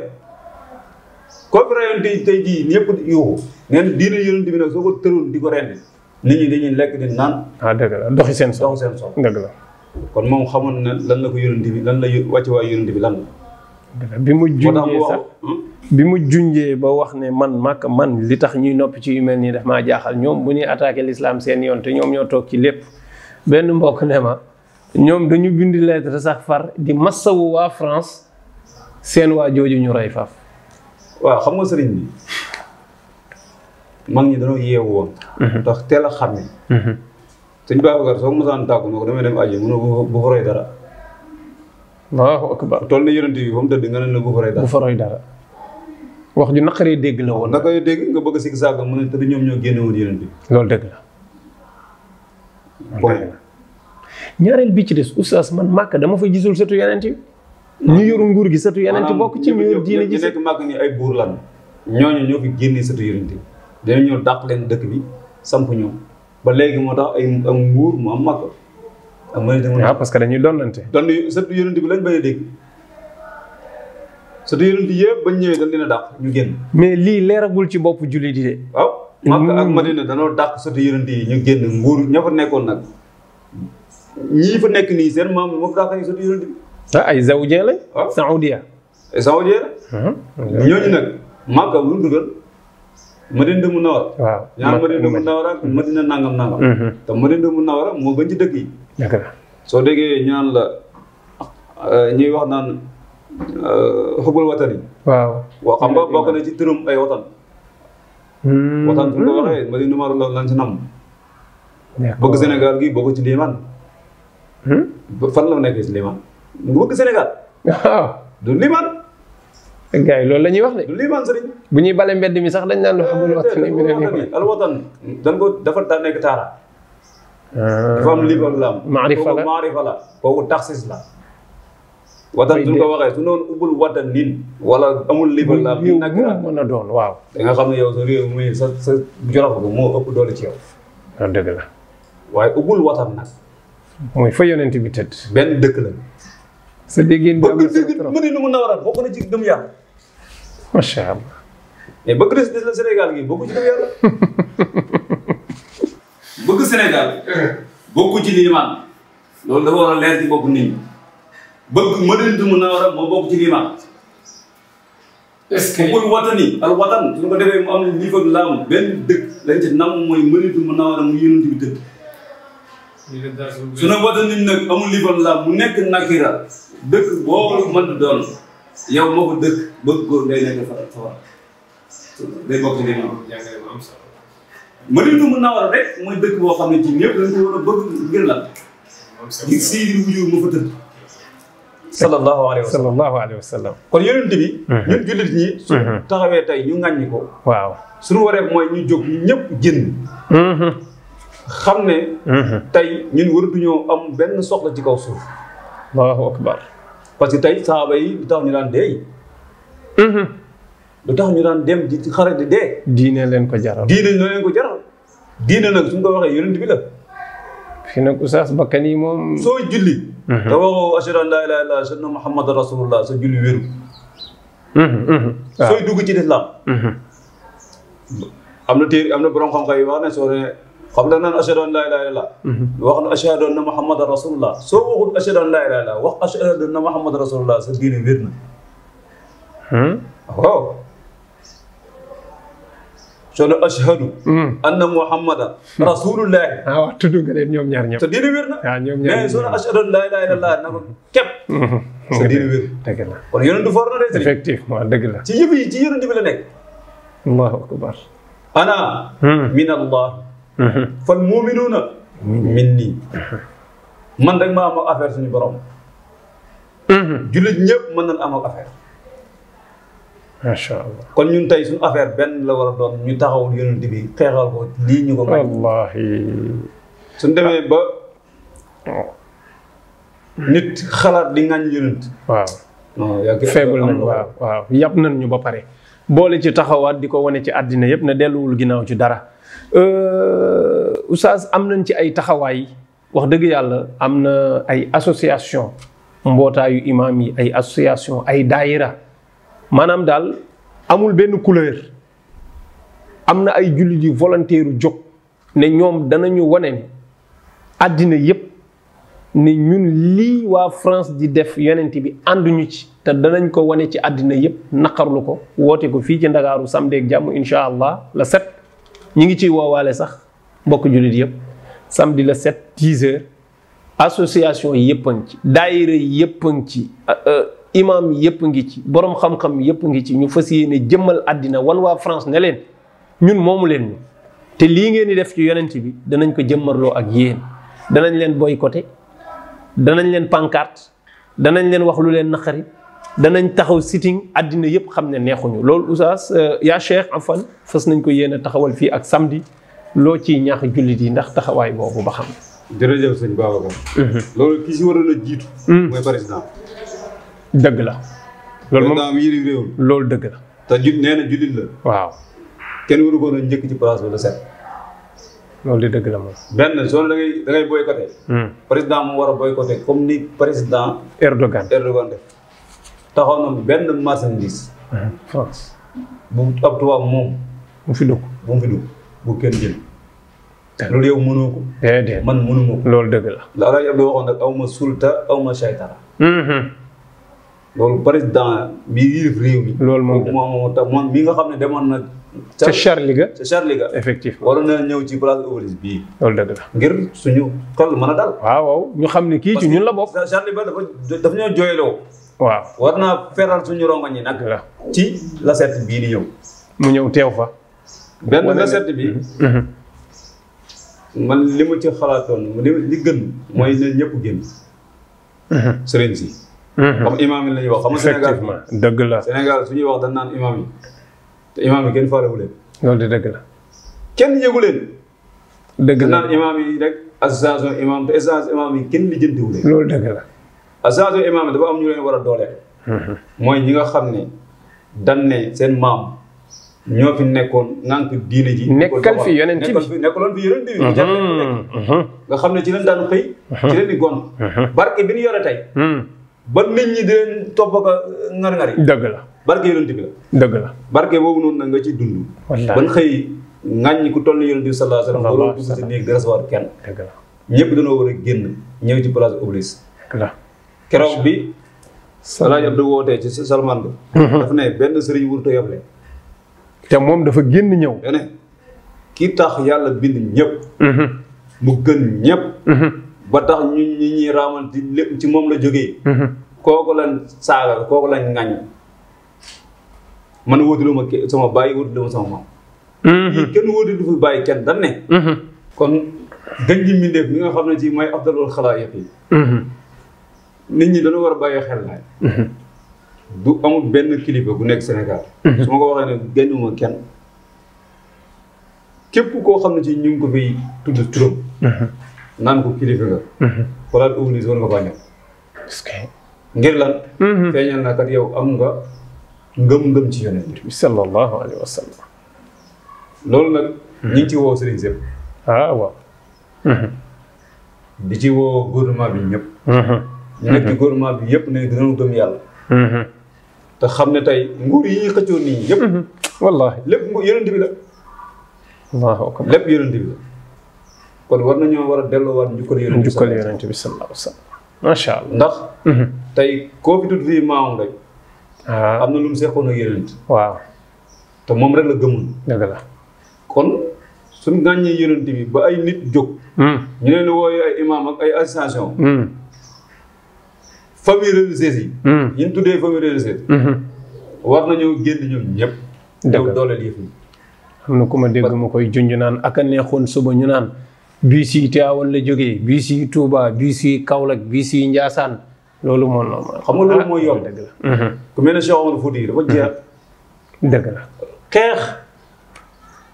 koo fi rayoon tey jii ñëpp yuuxu nee na diine bi nag soo ko tëroon di ko rendi nit ñi dañuy lekk di naan. Ah, dëgg la doxi seen soxla seen soxla dëgg la. kon moom xamoon na lan la ko yonent bi lan la wàcce waa bi lan mu junjee sax hmm? bi mu junjee ba wax ne man màkk man li tax ñuy noppi ci yu mel nii daf maa jaaxal ñoom bu ñuy attaqué lislaam seen yoon te ñoom ñoo toog ci lépp benn mbokk ne ma ñoom dañu bind lettre sax far di massawu waa France seen waa jooju ñu rey faaf. waaw xam nga sëriñ bi mag ñi dañoo yeewu woon. Mhm. ndax teel a xam ne. suñ Babacar soo ko mosaan tàggu ko damay dem aji mënoo bu fa dara. waaw akbar toll na yonent bi fa mu tëdd nga ne la bu fa roy dara bu fa roy dara. wax ju naqaree dégg la woon. naka dégg nga bëgg a sikki saako mu ne te ñoom ñoo génne woon yonent bi. loolu dëgg la. ñaareel bi ci des oustaz man màkk dama fa gisul surtout yonent bi ñu yoru nguur gi satu yeneen bokk ci ñu yor diine ji. nekk màgg ay buur lan ñoo fi génnee sëtu yeneen dañu ñëw dàq leen dëkk bi samp ñoom ba léegi moo tax ay am mu am màgg am waaw ah, parce que dañuy donnante. donn sëtu yeneen bi lañ bay dégg sëtu yëpp bañ ñëwee dañ leen a ñu génn. mais lii leeragul ci bopp jullit yi de. waaw Màkka ak mm. Madina danoo dàq sëtu yeneen yi ñu génn nguur ña fa nekkoon nag ñii fa nekk nii seen maam moo fa dàq ay sëtu yeneen Ah, ay zawjee ay waaw saudiya. saudiya. ñooñu nag Màkka lu dugal Madina Munawwara. waaw ñaar Madina Munawwara ak Madina mm-hmm. moo gën ci dëkk soo déggee ñu la euh, ñuy wax naan xubul watan yi. ci turam ay watan. Mm-hmm. watan bu ñu ko waxee Madina Munawwara lañ ci nam. bëgg Sénégal gi bokk ci liimaan. Hmm? fan la nekkee ci liimaan. mu ngi bëgg Sénégal. du liman. gars yi loolu la ñuy wax de. bu ñuy bale mbedd mi sax dañ naan lu xamul waxtaan yi mu dafa daan nekk taara. Ah. la am. maarifa la maarifa la kooku taxis la. watan du ko waxee su noonu ubbul watan nin wala amul liban la am. yow mën a doon waaw. da nga xam ne yow sa réew mi sa sa jorof ko moo ëpp doole ci yow. Ah, dëgg la. waaye ubbul watan nag. mooy fa yonent bi tëdd. benn dëkk la. sa déggin bi am na solo bëgg lu mu nawaraan bokk na ci gëm yàlla. macha allah. mais bëgg na si des na Sénégal gi bokku ci gëm yàlla. bëgg Sénégal. bokku ci liimaan. loolu dafa war a leer ci bopp nit ñi. bëgg Madinatu Munawwara moo bokk ci liimaan. est-ce que buggul watani al watan su ñu ko defee mu am lii fa laam benn dëkk lañ ci nam mooy Madinatu Munawwara mu yëngatu bi dëkk. su na wata nit nag amul lifan la mu nekk nakira dëkk boo mën doon yow moo ko dëkk bëgg ko day nekk fa fa day bokk li mu mooy dëkk boo xam ne ci ñëpp dañ ko a bëgg ma fa tëdd sallallahu wa sallam sallallahu wa sallam kon yonent bi mhm. ñun jullit ñi su mhm. taxawee tey ñu ŋàññi ko waaw suñu waree mooy ñu jóg ñu ñëpp jënd mhm. xam ne. Mhm. tay ñun waratuñoo am benn soxla ci kaw suuf. allahu akbar parce que tey saaba yi lu tax ñu daan dee. lu mhm. tax ñu daan dem di ci xare di dee. diine leen ko jaral. diine ko jaral. diine nag suñ ko waxee yonent bi la. fi yi moom. soo julli. Mhm. te waxoo ashhadu an laa ilaaha illallaah ashhadu anna muhammadan rasulullah soo julli wéru. sooy dugg ci lislaam am xam nga naan ashhadu an laa ilaaha illallaah mhm. wax na ashhadu anna muhammadan rasulullah soo waxul ashhadu an laa ilaaha illallaah wax ashhadu anna muhammadan rasulullah sa diine wér na hmm? waaw soo ne ashhadu hmm. anna muhammadan rasulullah ah wax tudd nga leen ñoom ñaar ñëpp sa diine wér na waaw ah, ñoom ñaar mais soo ne ashhadu an laa ilaaha illallaah na ko képp hmm. sa diine wér dëgg la kon yonent du for na de effectivement dëgg la ci yëf yi ci yonent bi la nekk allahu akbar ana min allah fal mu'minuuna minnii uh-huh. man dañ maa am ak affaire suñu borom. Uh-huh. jullit ñépp mën na am ak affaire. macha allah kon ñun tey suñu affaire benn la war a doon ñu taxawul yonent bi xeexal ko lii ñu ko. wallaahi. demee ba. Oh. nit xalaat di ŋañ yonent. waaw. non feebul waaw waaw yàpp nañ ñu ba pare. boole ci taxawaat di ko wane ci àddina yëpp na delluwul ginnaaw ci dara. Euh, oustaz am nañ ci ay taxawaay wax dëgg yàlla am na ay association mbootaayu imaam yi ay association ay daayira maanaam daal amul benn couleur am na ay jullit yu volontaire jóg ne ñoom danañu wane ne àddina yépp ne ñun lii waa France di def yonent bi ànduñu ci te danañ ko wane ci àddina yépp naqarlu ko woote ko fii ci Ndakaaru samedi jàmm incha allah la set ñu ngi ciy woowaale sax mbokk jullit yëpp samedi la 7 10 association yëpp a ngi ci daayira yëpp a ngi ci imam yëpp ngi ci borom xam-xam yëpp ngi ci ñu fas yéene jëmmal àddina wan waa France ne leen ñun moomu leen ñu te lii ngeen di def ci yonent bi danañ ko jëmmarloo ak yéen danañ leen boy boycotté danañ leen pancarte danañ leen wax lu leen naqari danañ taxaw sitting àddina yëpp xam ne neexuñu loolu oustaz euh, yaa Cheikh Afan fas nañ ko yéene taxawal fii ak samdi loo ci ñaax jullit yi ndax taxawaay boobu ba xam. jërëjëf sëñ Babacar. Mhm. loolu ki si waroon a jiitu. Mhm. mooy président. dëgg dëgg te ju nee na waaw. kenn waru ko na njëkk ci place ba la set. loolu di dëgg la moom. benn zone da ngay da ngay mhm. président mu war a boycotté comme ni président. Erdogan Erdogan taxaw na benn marchandise. Mhm. France. bu ab tubaab moom. bu fi dugg bu fi dugg bu kenn jël. loolu yow mënoo ko. man mënuma loolu dëgg la. aw ma sulta aw ma saytara. Mhm. loolu président bi yilif réew moom moo tax nga xam ne demoon na. ca Charles ga ca Charles ga effectivement waroon na ñëw ci place Obélisque bii. loolu dëgg la ngir su xol mën a dal. waaw ñu xam ne kii ci ñun la bokk. ñoo waaw war naa feral suñu rongoñ yi nag. ci la set bii di ñëw. mu ñëw teew fa. benn la set bi. Mhm. man li mu ci xalaatoon li gën mooy ne ñëpp génn. Mhm. sëriñ si. comme imaam yi la wax xam senegal dëgg la Sénégal su ñuy wax dañ naan imaam yi te imaam yi kenn faalewu leen. loolu de dëgg la. kenn yëgu leen. dëgg la dañ naan imaam yi rek association imaam te association imaam kenn lijjantiwu leen. loolu dëgg la. a asaatu imaam dafa am ñu leen war a dooleel. mooy ñi nga xam ne dan ne seen maam ñoo fi nekkoon ŋànk diine ji. nekkal fi yonent bi nekkaloon fi yonent bi. Mhm. nga xam ne ci leen daan xëy. ci leen di gon. Mhm. barke bi ñu yore tey. Mhm. ba nit ñi di leen topp ak ŋar-ŋar yi. dëgg la barke yonent bi la. dëgg la barke boobu noonu nag nga ci dund. wallaahi ban xëy ŋàññi ku toll ni yonent bi sallallahu alayhi sa waaw sa waaw loolu dugg si néeg di recevoir kenn. dëgg la ñëpp dañoo war a génn ñëw ci place Obélisque. keroog bi. Alaaji Abdu wootee ci Salman bi. Mhm. daf ne benn sëriñ wurtu yable te moom dafa génn ñëw. ne kii tax yàlla bind ñëpp. Mhm. mu gën ñëpp. Mhm. ba tax ñun ñi raamal di lépp ci moom la jógee. kooku lañ saagal kooku lañ ŋañ. man wóotuluma sama bàyyi wóotuluma sama maam. kii kenn wóotul fi bàyyi kenn dañ ne. kon gën ji mbindeef mi nga xam ne ci mooy afdalul xalaayiq yi nit ñi dañu war a bàyyi xel na du amul benn kilifa gu nekk Sénégal. Mhm. su ma ko waxee ne gënuma kenn. képp koo xam ne ci ñu ngi ko fiy tudd turam. Mhm. naan ko kilifa nga. Mhm. xoolal oblige war nga yow am nga ngëm-ngëm loolu nag. ñu ci woo sëriñ sëpp. ah waaw. di ci woo gouvernement bi ñëpp. ñu nekk ci gouvernement bi yëpp ne dinañu gëm yàlla mhm. te xam ne tey nguur yi ñuy xëccoo nii yëpp mhm. wallaahi lépp la allahu akbar lépp yonent bi la kon war ñoo war a delloo njukkal yonent bi njukkal yonent bi sa alayhi wa sallam macha allah ndax mhm. tey koo fi tudd fii maamam rek ah. moom rek la gëmul dëgg la kon suñ gàññee yonent bi ba ay nit jóg ñu leen wooyu ay imaam ak ay association famille religieuse yi. Hmm. yi ñu tuddee famille religieuse. Hmm. war nañoo génn ñoom ñëpp. dëgg la dooleel yëf yi. xam na ku dégg ma koy junj naan ak neexoon suba ñu naan. bii si Tiwaawan la jógee bii si Touba bii si Kaolack bii si Njaasaan loolu moo normal. xam nga loolu ah, mooy yomb dëgg la. Hmm. ku mel ne Cheikh Omar Fouti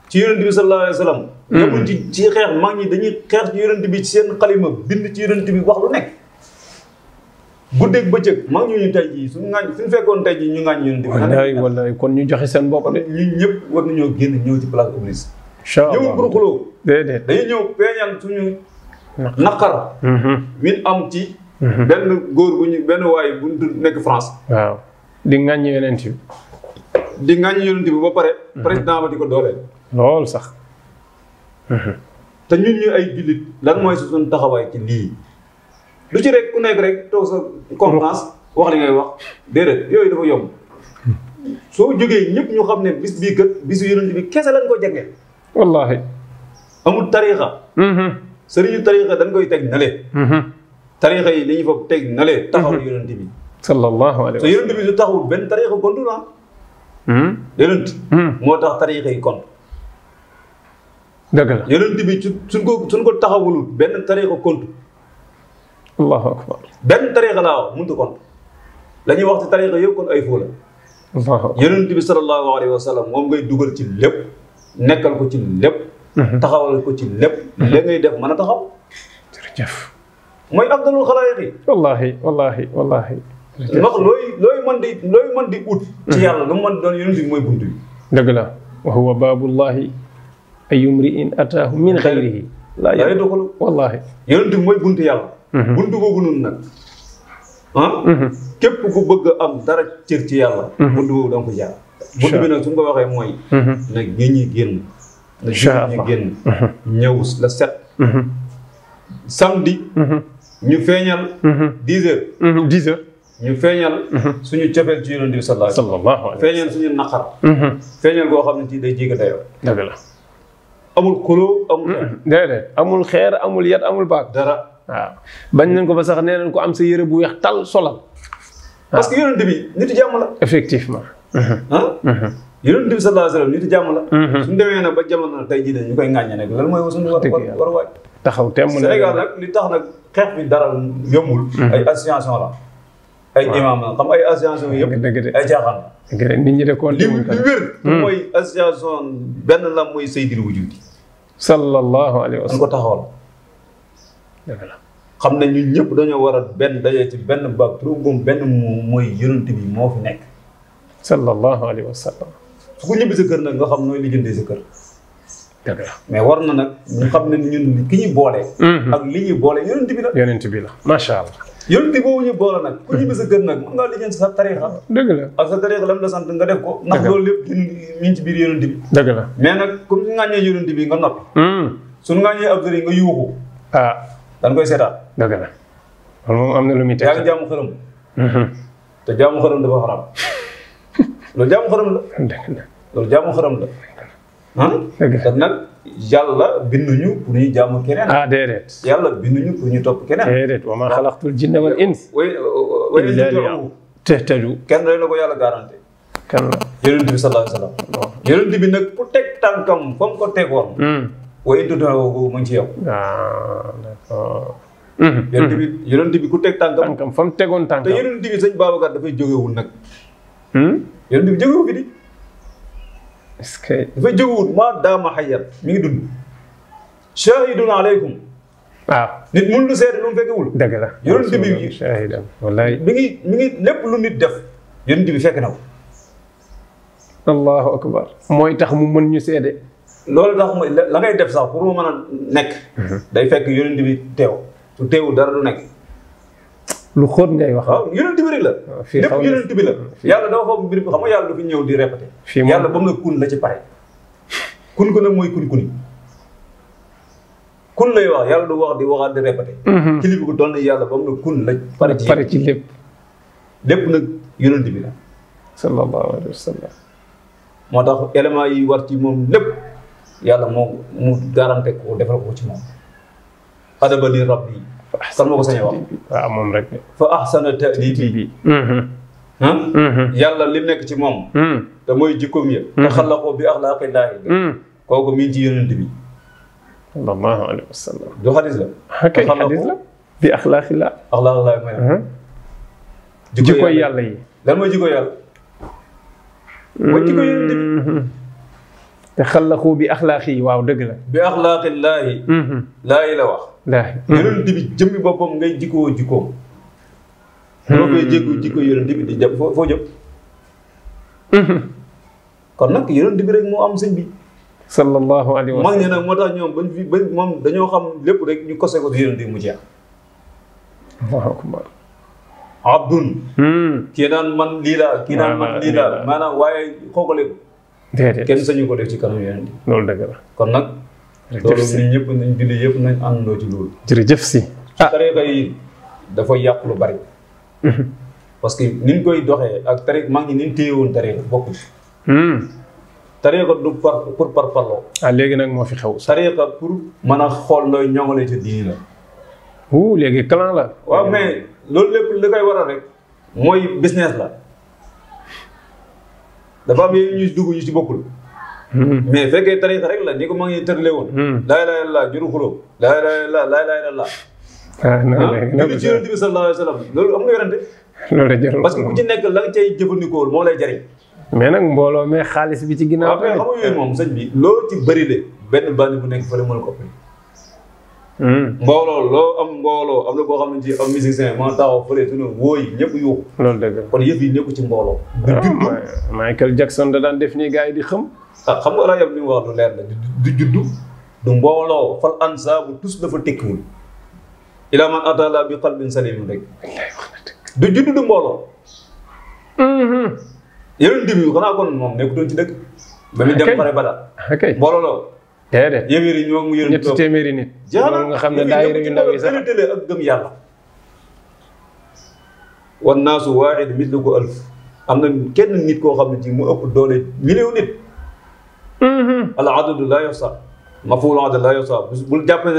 ci yonent bi sallallahu alayhi wa sallam. ñëpp ci ci xeex mag ñi dañuy xeex ci yonent bi seen xalima bind ci yonent bi wax lu nekk. guddeeg bëccëg mag ñuy tey jii suñu ngaañ suñu fekkoon tey jii ñu ngaañ ñun di wallaay wallaay kon ñu joxe seen bopp de ñun ñëpp war nañoo génn ñëw ci place Obélisque incha allah ñëwul pour xuloo déedéet dañuy ñëw peeñal suñu naqar mhm. win am ci mhm. benn góor bu ñu benn waay bu nekk France waaw di ngaañ yeneen bi di ngaañ yeneen bi ba pare mhm. président ba di ko dooleel lool sax te ñun ñu ay jullit lan mooy suñu taxawaay ci lii du ci rek ku nekk rek toog sa conférence wax li ngay wax déedéet yooyu dafa yomb soo jógee ñëpp ñu xam ne bis bii gët bis yonent bi kese lañ ko jagleel. wallaahi. amul tariixa. Mm-hmm. sëriñu tariixa dañ koy teg nale. Mm-hmm. tariixa yi li ñu fa teg nale. taxawul mm-hmm. yonent bi. sallallahu alayhi wa sallam yonent taxawul benn tariixa kontu la. yonent. moo tax tariixa yi kont. dëgg la yonent bi suñ ko suñ ko taxawulul benn tariixa kontu. allahu akbar benn tariqa laa wax mënut a compte la ñuy wax ci tariqa yëpp kon ay foo la. yonent bi sallallahu alayhi wa sallam moom ngay dugal ci lépp nekkal ko ci lépp. Mhm. taxawal ko ci lépp. Mhm. la ngay def mën a taxaw. jërëjëf. mooy afdalul xalaayiq yi. wallaahi wallaahi wallaahi. ndax looy looy mën di looy mën di ut. ci mhm. yàlla lu mu mën di doon yonent bi mooy bunt bi. dëgg la wa huwa baabullahi ayyumri'in ataahu min xayrihi laa yadxulu wallaahi yonent bi mooy buntu yàlla. Mm-hmm. bunt boobu noonu nag ah mm-hmm. képp ku bëgg am dara cër ci yàlla mm-hmm. bunt boobu da nga ko jaar bunt bi nag su nga ko waxee mooy nag ñi ñuy génn na ñu génn ñëw la set samedi ñu feeñal dix heures dix heures ñu feeñal suñu cofeel ci di bi sallallahu alayhi wa sallam feeñal naqar feeñal goo xam ne ci day jéga dayoo dëgg la amul xuloo amul yat amul baat dara waaw bañ nañ ko ba sax nee nañ ko am sa yëre bu weex tal solal. parce que yonent bi nitu jàmm la. effectivement. Ah? yonent bi sallallahu alayhi wa sallam la. suñu ba jamono tey jii dañ ñu koy ŋàññe nag mooy suñu war war waay. taxaw temm na Sénégal nag li tax nag xeex bi dara yombul. ay association la. ay imam la xam ay association yëpp. ay jaaxal la. nit ñi de compter wuñ hmm. benn la mooy Seydil Wujudi. sallallahu alayhi wa sallam taxawal. xam nañ ñu ñëpp dañoo war benn daje ci benn baag turam benn mooy yonent bi moo fi nekk. sallallahu alayhi wa sallam. su ñibbi sa kër nag nga xam nooy lijjantee sa kër. mais war na nag ñu xam ne ñun ki ñu boole. Mhm. ak li ñu boole yonent bi bi la macha allah. yonent boobu ñu boole nag. ku ñibbi sa kër nag mën ngaa sa tariixa. dëgg la ak sa sant nga def ko. ndax loolu lépp ñu ngi ci biir yonent bi. dëgg la mais nag comme ñu ŋàññee yonent bi nga noppi. Mhm. suñu ŋàññee nga yuuxu. Ah. dañ koy seetaan. dëgg la moom am na lu muy teg. yaa ngi jaamu xërëm. Mhm. te jaamu xaram. loolu jaamu la. dëgg la jaamu xërëm la. dëgg la te nag ñu jaamu keneen. ah déedéet. yàlla binduñu pour ñu topp keneen. déedéet wa maa xalaqtul jinna wal ins. illa liya'buduun tehtaju. kenn rek la ko yàlla garanti. kenn la yonent bi sallallahu alayhi wa sallam. yonent bi nag ku teg tànkam fa mu ko tegoon. Hmm. way du daaw mu ci yow. waaw ah, d'accord. Mm-hmm. yonent mm-hmm. ku teg tànkam. tànkam fa mu tegoon tànkam te yonent bi sëñ Babacar dafay jógewul nag. Hmm? yonent bi jógewul fi di. est que dafay jógewul maa daama xayat mi ngi dund. shahidun aleykum. waaw ah. nit mun lu seet lu mu fekkewul. dëgg la yonent bi ngi shahidan mi ngi mi ngi lépp lu nit def yonent bi akbar mooy tax mu mën ñu seede. loolu tax mooy la ngay def sax pour mu mën nekk. Mhm. day fekk yonent bi teew su teewul dara du nekk. lu xoot ngay wax. waaw yonent bi rek la. Ah, fii lépp yonent bi la. Hmm, yàlla dafa foog mbir xam nga yàlla du fi ñëw di répété. fii moom yàlla ba la ci pare. kun ko nag mooy kun kuni. lay wax yàlla du di waxaat di répété. Mhm. kilifa ko doon na yàlla ba mu ne kun la. pare ci pare ci lépp. lépp nag yonent la. sallallahu alayhi moo tax éléments yi war ci moom lépp. yàlla moo mu garanté ko defal ko ci moom adaba li rabbi fa ahsana moo ko sañ wax waaw ah, moom rek fa ahsana ta'dibi mm-hmm. mm-hmm. li nekk ci moom mm-hmm. te mooy jikkoom ya te xalaqoo bi axlaaqi laahi kooku mi ngi ci yonent bi sallallahu alayhi du xadis la kay xadis la bi axlaaqi laahi axlaaqi laahi mooy jikko yàlla yi lan jikko yàlla mooy te xalaxu bi axlaaqi waaw dëgg la. bi axlaaqi mm-hmm. laahi. laahi la wax. laahi. Mm-hmm. yonent bi jëmmi boppam ngay jikkoo jikkoom. loo mm-hmm. koy jéggu jikko yonent bi di jëm foo foo jëm. kon nag yonent bi rek moo am sëñ bi. sallallahu alayhi wa mag ñi moo tax ñoom dañoo xam lépp rek ñu kose ko di yonent bi mu jeex. allahu akbar. abdun. kii naan man lii laa. kii naan man lii laa maanaam waaye xoogale ko. déedéet kenn sañu ko def ci kanam yeneen loolu dëgg la kon nag loolu ñun ñëpp nañ julli yëpp nañ àndandoo ci loolu jëf si ah tariqa yi dafa yàq lu bari mhm. parce que ni ñu koy doxee ak tariqa maa ngi ni ñu téye woon tariqa bokku ci hmm. tariqa du par pour par parloo ah, léegi nag moo fi xew tariqa pour man a xool nooy ñoŋale ci diini la wuu léegi clan la waaw mais loolu lépp li koy waral rek mooy business la dafa am yeneen ñu dugg ñu ci bokkul. Hmm. mais fekkee tarixa rek la ni ko ma ngi tërle woon. Hmm. laa ilaaha illallaah juru xuloo. laa ilaaha illallaah laa ilaaha illallaah. ah non non ah, ci yonent bi sallallaahu alayhi wa sallam loolu am nga yorante. loolu jarul parce que ku ci nekk la nga cay jëfandikoo moom lay jariñ. mais nag mbooloo mais xaalis bi ci ginnaaw. waaw mais xamuñu moom sëñ bi. loolu ci bari le benn bànn bu nekk fële mën ko. Hmm. mbooloo loo am mbooloo am na boo xam ne ci am musicien maa taxaw fële tu ne wóoy ñëpp yóbbu. loolu dëgg la kon yëf yi nekku ci mbooloo. Ah, du juddu Michael Jackson da daan def nii gars yi di xam. ah xam nga rajo bi li mu wax lu leer la du juddu du dafa tekkiwul. ilaa man atala bi qalbin salim rek. du juddu du mbooloo. Hmm. yeneen dib yi xanaa kon moom nekkutoon ci dëkk. ba mu dem ah, pare bala. ok ah, mbooloo déedéet yëwéer ñetti téeméeri nit loolu nga xam ne daayira yu ndaw yi sax ak gëm naasu waaxid misluhu alf am na kenn nit koo xam ne ci mu ëpp doole million nit mhm. al adadu laa yoxsa mafuul adad laa yoxsa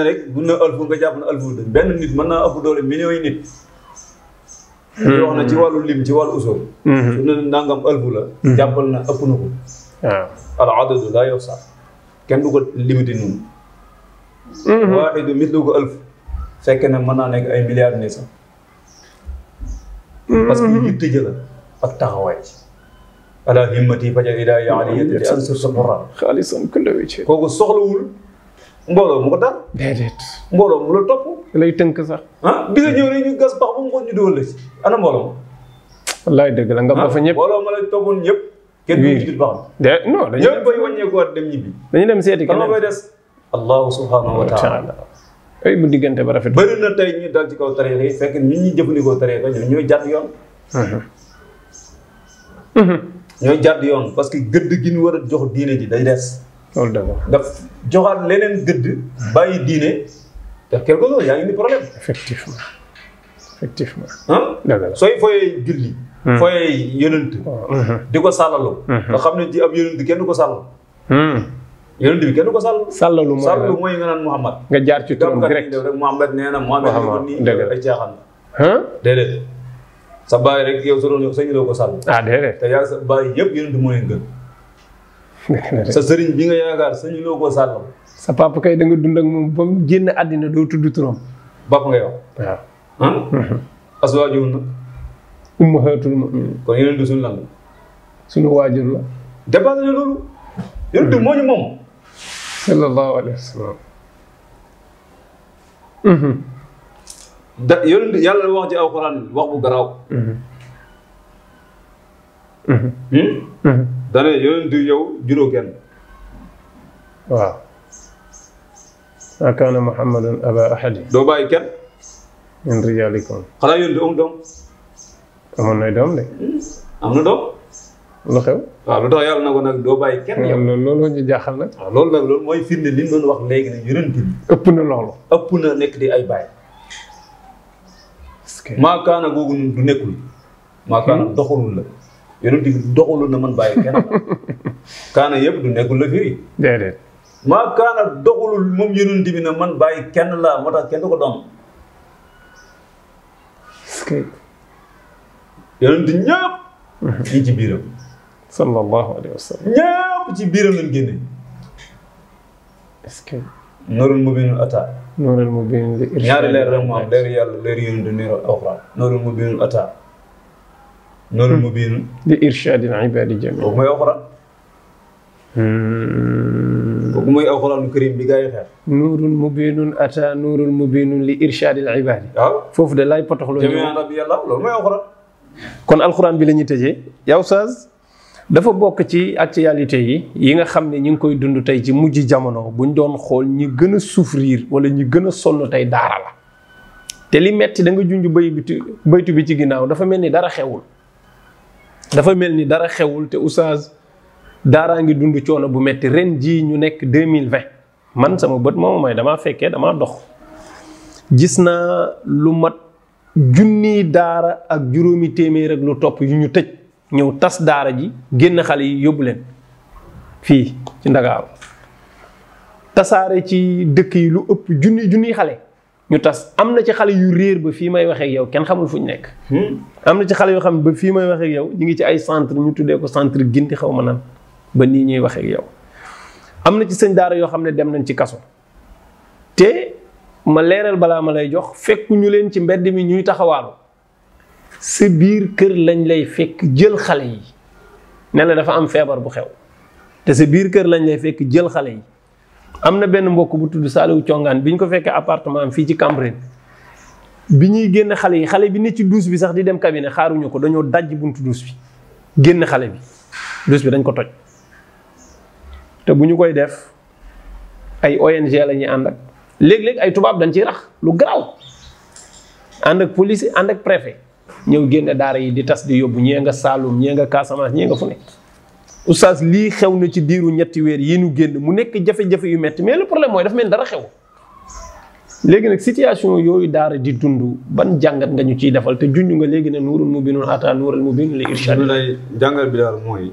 rek bu na alfu nga jàpp ne alfu benn nit mën naa ëpp doole millions nit ñu mhm. ci wàllu lim ci wàllu usul mhm. su nangam alfu la jàppal na ëpp na ko al adadu laa yoxsa kenn du ko limité noonu. waaxidu misluhu alf fekk na mën naa nekk ay milliards ne sax. Mhm. parce que yitte jëla ak taxawaay ci. ala himmati fajar yi daal yaa ngi di ansur sa borom. xaalisam këndawee mbooloo mu ko tax. mbooloo mu la topp. lay tënk sax. ah bisa ñëw rek ñu gas pax mu ngoon ñu dugal ana mbooloo ma. dëgg la nga ba fa ñëpp ah, ñëpp. kenn du ci jut ba xam. de non dañuy dem ñibbi. dañu dem seeti keneen koy des. allahu subhanahu wa taala. ay bu diggante ba rafet. bëri na tey ñu dal ci kaw tariixa yi fekk nit ñi jëfandikoo tariixa ñoom ñooy jàdd yoon. Uh-huh. ñooy jàdd yoon parce que gëdd gi ñu war a jox diine ji day des. loolu dëgg la daf joxaat leneen gëdd. bàyyi diine. te quelque chose yaa ngi julli. Hmm. fooyee yonent hmm. di ko sàllalu hmm. nga xam ne ji ab yonent kenn du ko sàllalu yonent bi kenn du ko sàllalu sàllalu mooy sàllalu mooy nga naan Muhammad nga jaar ci turam direct def rek Muhammad nee na Muhammad ko nii ay caaxaan sa baay rek sa doon yow sañu ko sàll ah, sa baay yëpp yonent moo leen gën sa sëriñ bi nga yaakaar sañu loo ko sàll sa papa kay danga nga dund moom ba mu génn àddina doo tudd turam. bàpp nga yow waaw aswaajum ummahatul mu'minin kon la. suñu waajur la. dépassé na loolu. yonent bi moo ñu moom. sallallahu alayhi wa sallam. da yonent yàlla wax ci garaaw. Mm-hmm. Hmm? Mm-hmm. daanaka yonent yow juróo kenn. waaw. maa kaana aba ahadin. doo bàyyi kenn. min rijaalikum. xanaa yonent am doom. amoon nay doom de. am na doom. lu xew. waaw lu tax yàlla na ko nag doo bàyyi kenn. yow loolu loolu loolu nag loolu li ñu doon wax léegi ne yonent bi. nekk di ay bàyyi. maakaana googu ñun du nekkul. maakaana hmm? doxalul la. yonent bi la firi. déedéet. maakaana man bàyyi kenn laa moo tax kenn du ko doon. yonent ñëpp. ñu ngi ci biiram. sallallahu alayhi wa sallam. ñëpp ci biiram lañ génne. est-ce que. Noorul Mubinul Ata. Noorul Mubinul ñaari leer rek mu am leer yàlla leer yonent leeru Alxuraan. Noorul Mubinul Ata. Noorul Mubinul. Hmm. li irshaadil ibaadi jamii'an. kooku mooy Alxuraan. Hmm. kooku mooy Alxuraanu Kariim bi gaa yi xeex. Noorul Mubinul Ata Noorul Mubinul li irshaadil ibaadi. waaw foofu de laay potoxloo. jamii'an rabbi yàlla loolu mooy Alxuraan. kon alxuraan bi la ñuy tëjee yow Oustaz dafa bokk ci actualité yi yi nga xam ne ñu ngi koy dund tey ci mujj jamono buñ doon xool ñi gën a souffrir wala ñi gën a sonn tey daara la te li metti da nga junj bay bi baytu bi ci ginnaaw dafa mel ni dara xewul dafa mel ni dara xewul te Oustaz daaraa ngi dund coono bu metti ren jii ñu nekk mille 2020 man sama bët moom mooy damaa fekkee damaa dox gis naa lu mat junniy daara ak juróomi téeméer ak lu topp yu ñu tëj ñëw tas daara ji génn xale yi yóbbu leen fii ci Ndakaaru tasaare ci dëkk yi lu ëpp junni junniy xale ñu tas am na ci xale yu réer ba fii may waxee yow kenn xamul fu ñu nekk. Hmm? am na ci xale yoo xam ne ba fii may waxee yow ñu ngi ci ay centre ñu tuddee ko centre Ginti xaw ma naan ba nii ñuy waxee yow am na ci sëñ daara yoo xam ne dem nañ ci kaso te. ma leeral balaa ma lay jox ñu leen ci mbedd mi ñuy taxawaalu sa biir kër lañ lay fekk jël xale yi ne la dafa am feebar bu xew te sa biir kër lañ lay fekk jël xale yi am na benn mbokk bu tudd Saliou Congaan bi ñu ko fekkee appartement am fii ci Cambérène bi ñuy génn xale yi xale bi nit ci douche bi sax di dem cabinet xaaruñu ko dañoo dajj buntu duus bi génn xale bi douche bi dañ ko toj te bu ñu koy def ay ONG lañuy ñuy ànd ak léeg-léeg ay tubaab dañ ci rax lu garaaw ànd ak police ànd ak préfet ñëw génn daara yi di tas di yóbbu ñee nga Saloum ñee nga Casamance ñee nga fu ne oustaz lii xew na ci diiru ñetti weer yi nu génn mu nekk jafe-jafe yu metti mais le problème mooy dafa mel dara xew léegi nag situation yooyu daara di dund ban jàngat nga ñu ciy defal te junj nga léegi ne nuurul mu binun ata nuural mu binun la irshad jàngal bi daal mooy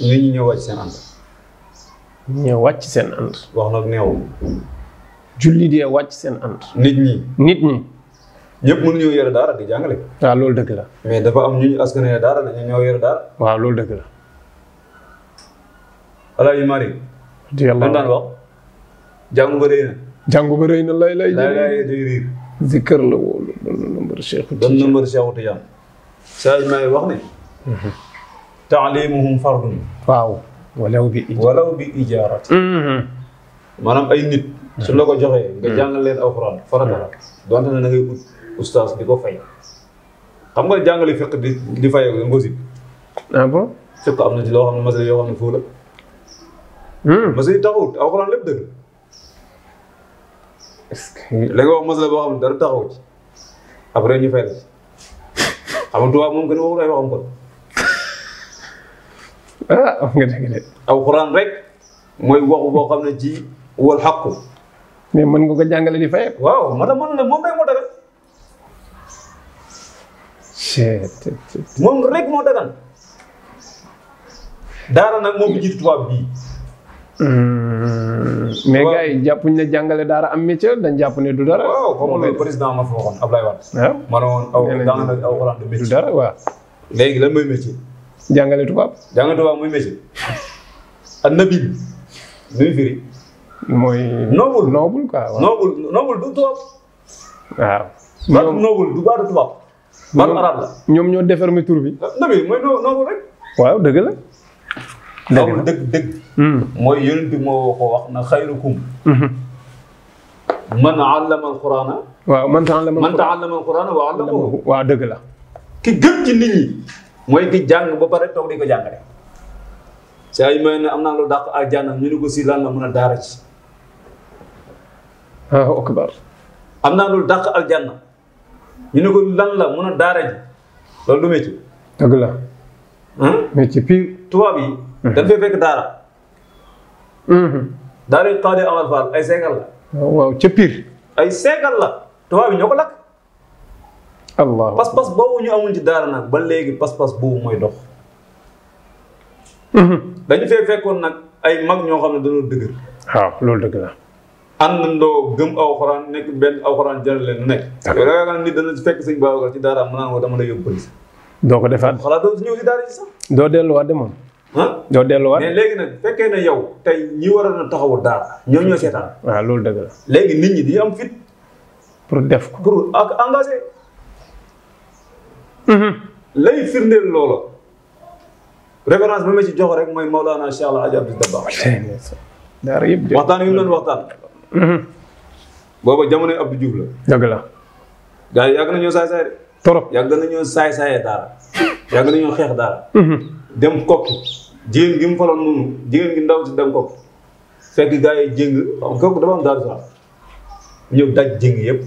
li ñu ñëwaat ñee wàcc seen ànd. wax nag neew. jullit yee wàcc seen ànd. nit ñi nit ñi. ñëpp mënuñoo yore daara di jàngale. waaw loolu dëgg la. mais dafa am ñu ñu askan daara dañu ñoo yore daara. waaw loolu dëgg la. alaaji Malick. yàlla daan wax. jàngu ba rëy na. jàngu ba rëy na lay lay. lay lay day riir. zikar la wóolu doon na nombre Cheikh Tidiane doon nombre Cheikh Tidiane. Sadio Maye wax ne. Mhm. taalimuhum fardun. waaw. walaw bi ijaarati walaw mm-hmm. ay nit. Hmm. su la ko joxee. nga hmm. jàngal leen alxuraan farata la. donte ne da ustaas di ko fay. xam nga jàngale fiq di di fayoo nga ngóosi. ah fiq am na ci loo xam ne masal yoo xam ne foofu la. Hmm. masal yi taxawut alxuraan lépp dëgg. est-ce que boo xam ne dara taxawu ci. après ñu la xam nga tubaab moom kenn waxul ay waxam kon. ah wax rek mooy waxu boo xam ne ci wal xaqu. mais mën nga ko jàngale di fay. waaw man man la moom rek moo dagan. moom daara nag moom jiitu tubaab bii. Hmm, mais gars jàppuñ ne jàngale daara am métier dañ jàpp ne du dara. waaw comme le président ma ah. du dara waaw. jàngale tubaab. jàngale tubaab muy mooy. noobul noobul quoi noobul noobul du waaw. ñoom ñoo déformé tur bi. nabil mooy noobul rek. waaw hmm. mooy yonent moo ko wax na xayrukum. Hmm. man allama alqurana. waaw man taallama alqurana man waaw dëgg la. ki gën ci nit ñi. mooy ki jàng ba pare toog di ko jàngale saa may ne am naa lu dàq aljanna ñu ne ko si lan la mën a daara ci waaw la mën ji loolu du métier la hmm? métier pire tubaab yi hmm. dañ fay fekk daara hmm. daara yi xaadi amal faal ay seegal la waaw ca pire ay seegal la tubaab yi lakk allah pas-pas boobu ñu amul ci daara nag ba léegi pas-pas boobu mooy dox. Mhm. dañu fee fekkoon nag ay mag ñoo xam ne dañoo dëgër. waaw loolu dëgg la. àndandoo gëm aw xoraan nekk benn aw xoraan jënd leen nekk. d'accord yow da nit dana fekk sëñ Babacar ci daara mu naan ko dama lay yóbbu police. doo ko defaat xalaat doo ñëw ci daara ci sax. doo delluwaat de léegi nag fekkee ne yow tey ñi waroon a taxawu daara ñoo ñoo seetaan. waaw loolu dëgg la. léegi nit ñi di am fit. pour def ko pour ak engagé. Mhm. lay firndeel loola référence bi ma ci jox rek mooy Maulana Cheikh Alhaji Abdou Dabakh waxtaan yu mu doon waxtaan mhm. booba jamonoy Abdou Diouf la dëgg la gars yi yàgg nañoo saay-saay de torop yàgg nañoo saay-saayee dara yàgg nañoo xeex dara mhm. dem kokki jigéen gi mu faloon noonu jigéen gi ndaw si dem kokki fekk gars yi jéng kooku dafa am daal sax ñëw daj jéng yëpp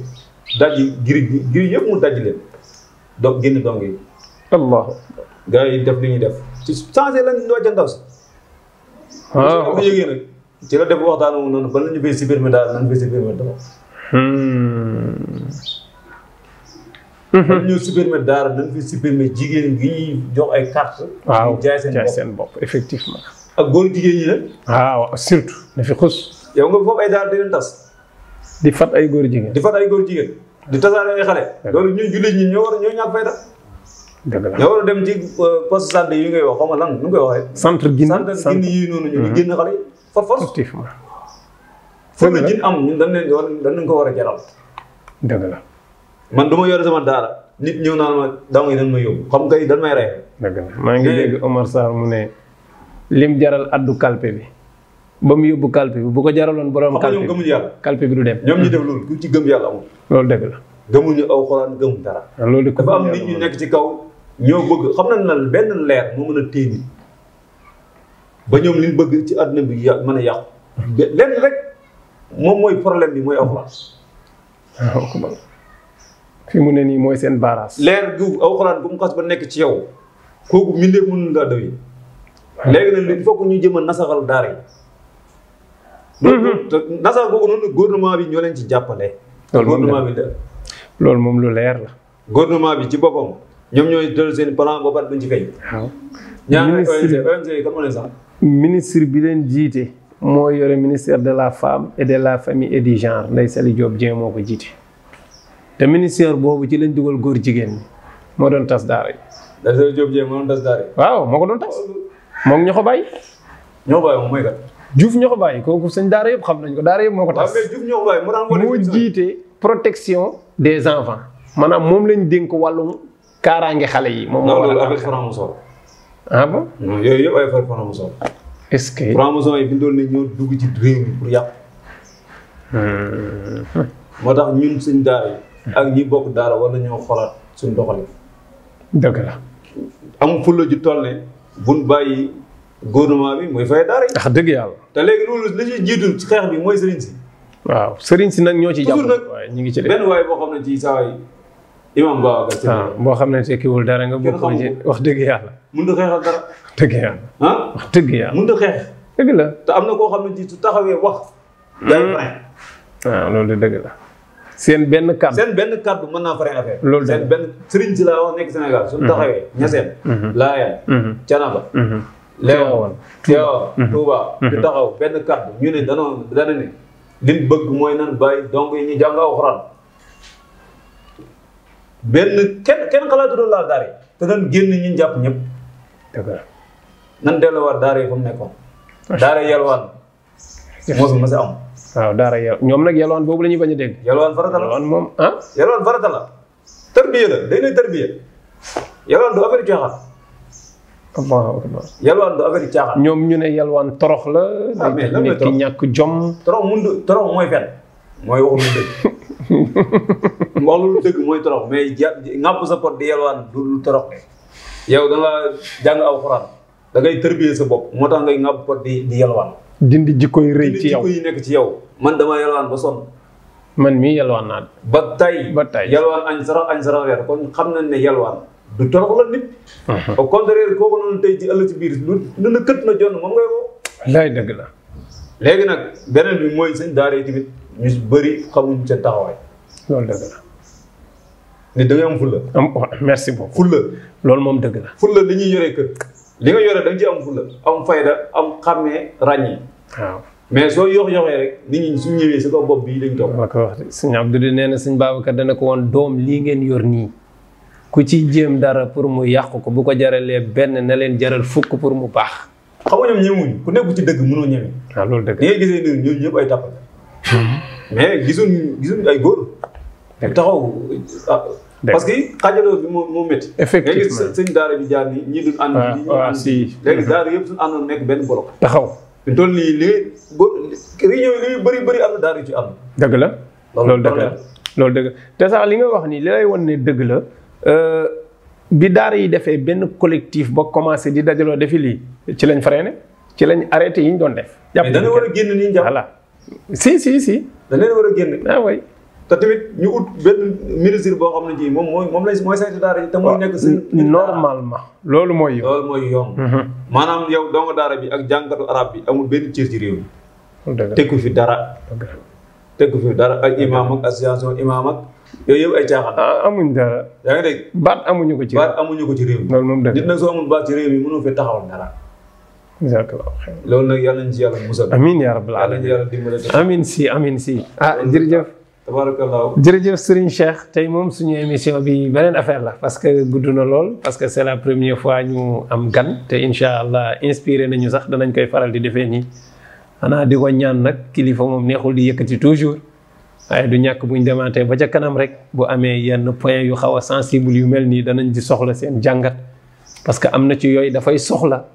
daj giri giri mu daj leen donc génn dong yi. allah gars yi def li ñuy def. ci changé lañ noo jëndaw si. waaw ah. am ci la def waxtaan wu noonu ban ñu béy si biir mi daal si biir mi daal. Hmm. ñu supprimer daara dañ fi jigéen gi ñuy jox ay carte waaw jaay seen bopp jaay ak góor jigéen ñi la. Ah, waaw surtout. na fi xus. yow nga foofu ay daara di leen tas. di ay góor jigéen. di fat ay góor jigéen. di tasaare ay xale. loolu ñun jullit ñi ñoo war ñoo ñàkk fayda. dëgg la ñoo war a dem ci euh, poste santé yi ngay wax xaw ma lan nu koy waxee. centre Guinée centre Guinée yi noonu ñu di mm-hmm. génn xale yi par force. effectivement. foofu am ñun dañ leen dañ leen ko war a jaral. dëgg la. man du ma yore sama daara nit ñëw naan ma daaw yi dañ ma yóbbu xam nga yi may rey. dëgg la maa ngi eh. dégg Omar Sarr mu ne lim jaral addu kalpe bi. ba mu yóbbu kalpe bi bu ko jaraloon borom. kalpe bi kalpe bi du dem. ñoom ñu def loolu ku ci gëm yàlla amul. loolu dëgg la. gëmuñu aw xoraan gëmuñ dara. Ah, loolu de dafa am nit ñu nekk ci kaw. ñoo bëgg xam nañ ne benn leer moo mën ñoom liñ bëgg ci àdduna bi ya mën yàqu. lenn rek moom mooy problème bi mooy aw xoraan. Ah, fi mu ne nii mooy seen baaraas. leer gu aw xoraan bu mu xas ba nekk ci yow kooku mbindeef mënul laa daw yi. léegi nag il ñu jëm nasaxal daara yi donc mhm. nasar boobu noonu gouvernement bi ñoo leen ci jàppale. loolu moom lu leer la. gouvernement bi ci boppam ñoom ñooy jël seen plan ba pare duñ ci kay. ministre bi leen jiite. moo yore ministère de la femme et de la famille et di genre Ndeye Saly Diop Dieng moo ko jiite. te ministère boobu ci lañ dugal góor jigéen ñi moo doon tas daa yi. Ndeye Saly Diop waaw moo ko doon tas moom ñoo ko bàyyi. Diouf ñoo ko bàyyi kooku sëñ daara yëpp xam nañ ko daara yëpp moo ko tas moo jiite protection des enfants maanaam moom lañ dénk wàllum kaaraange xale yi moom moo war a ah bon yooyu yëpp ay far franc ce que franc-maçon yi fi doon ne ñoo dugg ci réew hmm. moo tax ñun suñ daara yi ak ñi bokk daara war nañoo xoolaat suñ doxalin dëgg la am fulla toll ne buñ bàyyi gouvernement bi muy fay dara. ndax dëgg yàlla. te léegi loolu la ci xeex bi mooy sëriñ si. waaw sëriñ si nag ñoo ci jàpp. waaye ñu ngi ci de benn waay boo xam ne ci saa yi imam Babacar. Ah, boo xam ne tekkiwul dara nga bokk ci wax dëgg yàlla. mënut a xeexal dara. dëgg yàlla. ah wax dëgg xeex. dëgg la te am na koo xam ne ci su taxawee wax. day pare. Hmm. waaw ah, loolu dëgg la. seen benn kàddu seen benn kàddu mën naa fare affaire. loolu seen benn sëriñ si laa wax nekk Sénégal. suñu hmm. taxawee ña seen. Hmm. laayal. canaba. Léon Léon mhm. Touba ñu mhm. taxaw benn kàddu ñu ne danoon dana ne bëgg mooy nan bàyyi donc yi ñu jàng alxuraan benn kenn kenn xalaatu doon laal daara yi te dañ génn ñu jàpp ñëpp nan delluwaat daara yi fa mu nekkoon daara yelwaan moo fi mas a am waaw boobu la ñuy a dégg yelwaan farata la day ah? ne tarbiya yelwaan du affaire waaw yalwaan du affaire caaxaan. ñoom ñu ne yalwaan torox la. ah ñàkk jom. torox mun torox mooy fen mooy waxul dëgg. waxul dëgg mooy torox mais ja ŋàpp sa pot di yalwaan du lu torox yow da nga jàng aw xuraan da ngay tërbiyee sa bopp moo tax ngay ŋàpp pot di di yalwaan. dindi jikko yi rëy ci yow dindi nekk ci yow. man dama yalwaan ba sonn. man mii yalwaan naa. ba tay ba tay yalwaan añ sarax añ sarax weer kon xam nañ ne yalwaan. du toroxal nit. au contraire kooku noonu tey ci ëllëg ci biir lu lu la kët na jonn moom ngay woo. dëgg la. léegi nag beneen bi mooy sëñ daara yi tamit ñu bëri xamuñ seen taxawaay. loolu dëgg la. da am fulla. am merci beaucoup loolu moom dëgg la. li ñuy yoree kër. li nga yore da nga ci am fulla am fayda am xàmmee ràññee. mais soo yox yoxee rek nit ñi su ñëwee si kaw bopp bii dañ toog. waaw kay wax sëñ Abdou nee na sëñ Babacar dana ko woon doom lii ngeen yor nii. ku ci jéem dara pour mu yàq ko bu ko jaralee benn na leen jaral fukk pour mu baax. xam nga ñoom ñëwuñu ku nekk ci dëgg mënoo ñëwee. waaw loolu dëgg la ngay gisee nii ñoom ñëpp ay tapal. mais gisuñu gisuñu ay góor. taxaw ah, parce que xaajaloo bi moo moo métti. effectivement léegi sëñ di jaar nii ñii duñ ànd. waaw ah, ah, mhm. waaw benn bolok. taxaw fi toll li ba réunion yi li bëri bëri am ci am. dëgg la loolu dëgg la loolu dëgg te sax li nga wax nii li lay wan ne dëgg la Euh, bi daara yi defee benn collectif ba commencé di dajaloo defi lii ci lañ freiné ci lañ arrêté yi ñu doon def. jàpp nañu war a génn nii voilà si si si. da war a génn. ah oui. te ñu ut benn boo xam ne ji moom mooy moom la mooy saytu daara ji te mooy nekk si. normalement loolu mooy yoon. loolu mooy yoon. Mm-hmm. maanaam yow dong daara bi ak jàngatu arab bi amul benn cër ci réew mi. tegu fi dara. fi dara ak imaam ak association imaam yooyu yëpp ay caaxaan. Ah, amuñ dara. yaa ngi dégg baat amuñu ko ci. baat amuñu ko ci réew mi. loolu moom dëgg la nit nag soo amul baat ci réew mi mënoo fee taxawal dara. jazakallahu xayr. loolu nag yàlla nañ ci yàlla musal. amiin yaa rabbal aalamiin yàlla nañ ci yàlla dimbale. amiin si amiin si. ah jërëjëf. tabarakallah jërëjëf Serigne Cheikh tey moom suñu émission bi beneen affaire la parce que gudd na lool parce que c'est la première fois ñu am gan te incha allah inspiré nañu sax danañ koy faral di defee nii xanaa di ko ñaan nag kilifa moom neexul di yëkkati toujours waaye du ñàkk buñ demantee ba ca kanam rek bu amee yenn point yu xaw a sensible yu mel nii danañ ci soxla seen jàngat parce que am na ci yooyu dafay soxla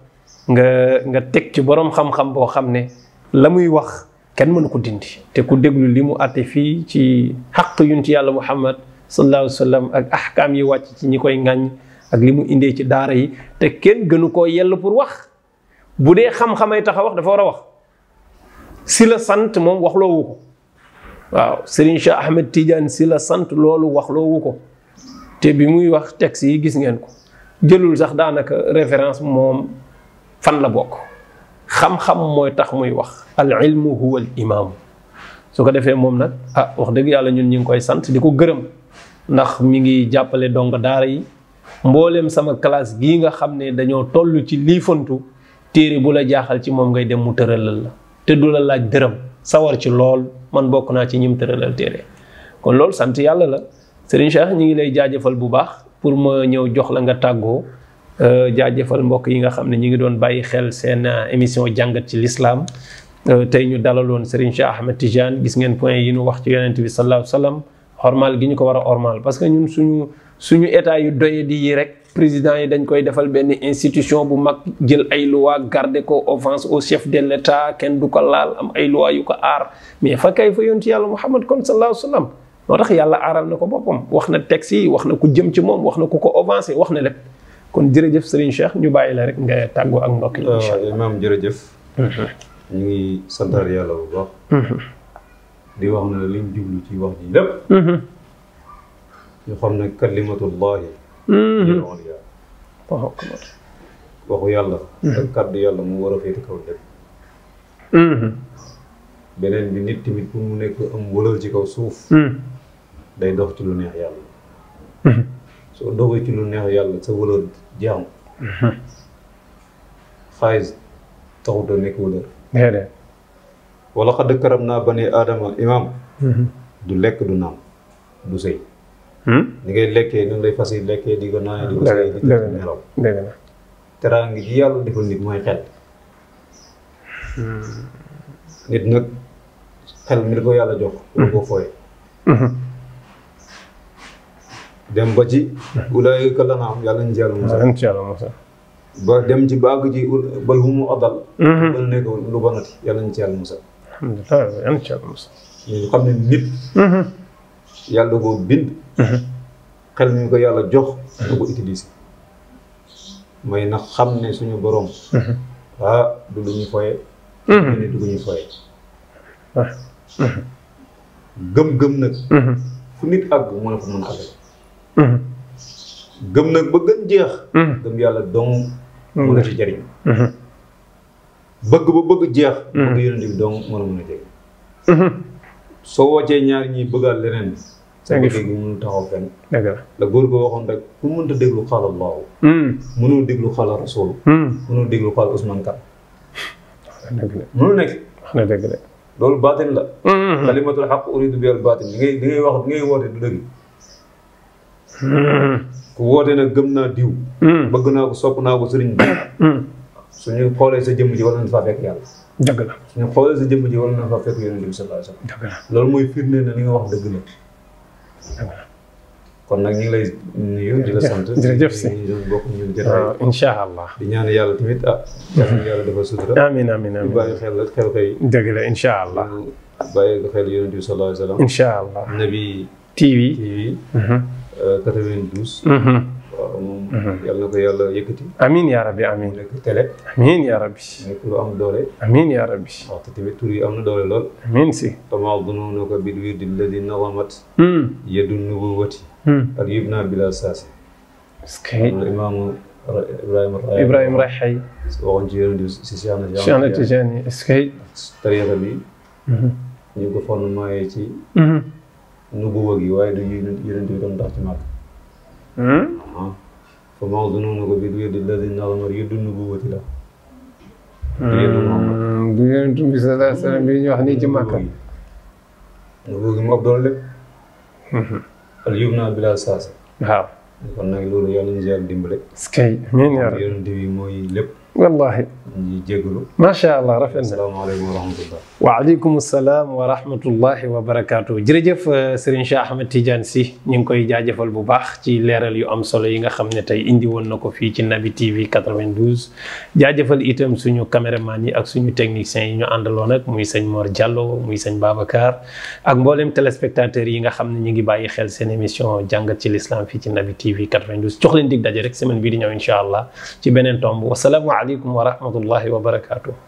nga nga teg ci boroom xam-xam boo xam ne la muy wax kenn mënu ko dindi te ku déglu li mu àtte fii ci xaq yunti yàlla muhammad sallallahu alayhi wa ak ahkaam yi wàcc ci ñi koy ŋàññ ak li mu indee ci daara yi te kenn gënu koo yell pour wax bu dee xam-xamay tax a wax dafa war a wax si la sant moom waxloowu ko waaw Serigne Cheikh Ahmed Tidiane si la sant loolu wax loowu ko te bi muy wax texte yi gis ngeen ko jëlul sax daanaka référence moom fan la bokk xam-xam mooy tax muy wax al ilmu huwa al imaamu su ko defee moom nag ah wax dëgg yàlla ñun ñu ngi koy sant di ko gërëm ndax mi ngi jàppale dong daara yi mbooleem sama classe gii nga xam ne dañoo toll ci lii téere bu la jaaxal ci moom ngay dem mu tëralal la te du la laaj dërëm sawar ci lool man bokk naa ci ñim tëralal téere kon loolu sant yàlla la Serigne Cheikh ñu ngi lay jaajëfal bu baax pour ma ñëw jox la nga tàggoo euh, jaajëfal mbokk yi nga xam ne ñu ngi doon bàyyi xel seen euh, émission jàngat ci lislaam euh, tey ñu dalaloon Serigne Cheikh Ahmed Tidiane gis ngeen point yi nu wax ci yonent bi sallallahu alayhi wa gi ñu ko war a hormal parce que ñun suñu suñu état yu doye di yi rek président yi dañ koy defal benn institution bu mag jël ay loi garder ko offense au chef de l'état kenn du ko laal am ay loi yu ko aar mais fa kay fa yontu yàlla Muhammad kon sa alayhi wa sallam moo tax yàlla aaral na ko boppam wax na texte yi wax na ku jëm ci moom wax na ku ko offensé wax na lépp kon jërëjëf sëriñ Cheikh ñu bàyyi la rek nga tàggoo ak mbokk yi. Euh, incha allah imaam jërëjëf. Mhm. ñu ngi santar yàlla bu baax. Mhm. di wax na liñ jublu ci mhm. ñu xam ne kalimatullahi waxu yàlla. Mhm. ak kàddu yàlla mu war a féete kaw lépp. Mhm. beneen bi nit tamit pour mu nekk am wëlal ci kaw suuf. Mhm. day dox ci lu neex yàlla. soo doxee ci lu neex yàlla sa wëlal jaamu. xaalis taxut a nekk wëlal. wala xadd karam naa bani aadama imaam. du lekk du naan du sëy. Hmm? ni ngay lekkee ni lay fas yi lekkee di ko naanee di ko sëy di tëdd nelaw teraanga ji yàlla defal nit mooy xel hmm. nit nag xel mi di ko yàlla jox lu ko hmm. fooye dem ba ci ulaay ka lana yàlla ñu yàlla musa ba dem ci baag ji bal humu adal bal nekk lu banati yàlla ñu ci yàlla musa yàlla ñu yàlla musa xam ne nit yàlla boo koo bind. Mhm. xel mi ko yàlla jox. da ko utiliser. mooy na xam ne suñu borom. Mhm. ah du lu ñuy foyee. Mhm. Ah. gëm-gëm nag. fu nit àgg mën a fa mën a àgg. gëm nag ba gën jeex. gëm yàlla dong. mën na ci jariñ. bëgg ba bëgg jeex. bëgg yonent bi dong mën a mën a jariñ. soo woccee ñaar ñi bëggaat leneen. yaa ngi fi mënul taxaw fenn. dëgg la la góor déglu xaal Allah. Hmm. mënul déglu xaal Rasul. Hmm. mënul déglu xaal Ousmane loolu baatin la. kalimatul xaq uridu bi wax li ngay woote du hmm. gëm naa diw. bëgg naa ko sopp naa ko sëriñ bi. suñu xoolee sa jëmm ji war nañ fa fekk yàlla. dëgg la suñu xoolee sa jëmm ji war nañ faa fekk yonent bi sallallahu alayhi wasallam. dëgg loolu mooy firnde na li nga wax dëgg la. kon nag ñu ngi lay nuyu di la sant jërëjëf si doon bokk ñun jotaay ah, incha allah di ñaan yàlla tamit ah ñu yàlla dafa sutura amiin amiin amiin bàyyi xel la xel xëy dëgg la incha allah bàyyi xel yonent bi sallallahu alayhi wa sallam incha allah Nabi TV TV 92 loolu moom. yàlla na ko yàlla yëkkati. amiin yaa rabbi amiin. mu nekk télé. amiin yaa rabbi. nekk lu am doole. amiin yaa rabbi. waaw te tamit tur yi am na doole lool. amiin si. damaa gunóor ko bil wirdi alladi nawamat. Hmm. yadu nubuwati. Hmm. ak yib naa bila saasi. est-ce que. imaamu Ibrahima. Ibrahima Raxay. waxoon ci yéen si si Cheikh na Tijaan yi est-ce que. tariqa bi. Hmm. ñu ko fondement yi ci. nubuwa gi waaye du yonent bi doon dox ci màgg. Hmm? fa maa zunoon ko bi wér di la di naan war yëddu nu bu wuti la. bu yonent bi sallallahu alayhi wa sallam bi ñu wax nii ci Makka. nubu gi moom doon hmm. naa bilaa saasa. waaw kon nag loolu yàlla ñu si yàlla bi mooy lépp. wallahi ñu jégalu macha allah rafet na asalaamaaleykum wa rahmatullah waaleykum salaam wa rahmatullahi wa barakaatu jërëjëf euh, Serigne Cheikh Ahmed Tidiane Sy ñu ngi koy jaajëfal bu baax ci leeral yu am solo yi nga xam ne tey indi woon na ko fii ci Naby TV 92 jaajëfal itam suñu caméraman yi ak suñu techniciens yi ñu àndaloon ak muy sëñ Mor Diallo muy sëñ Babacar ak mboolem téléspectateurs yi nga xam ne ñu ngi bàyyi xel seen émission jàngat ci l'islam fii ci Naby TV 92 jox leen dig daje rek semaine bii di ñëw incha allah ci beneen tomb wasalaamu aleykum wa rahmatullahi wa barakaatu.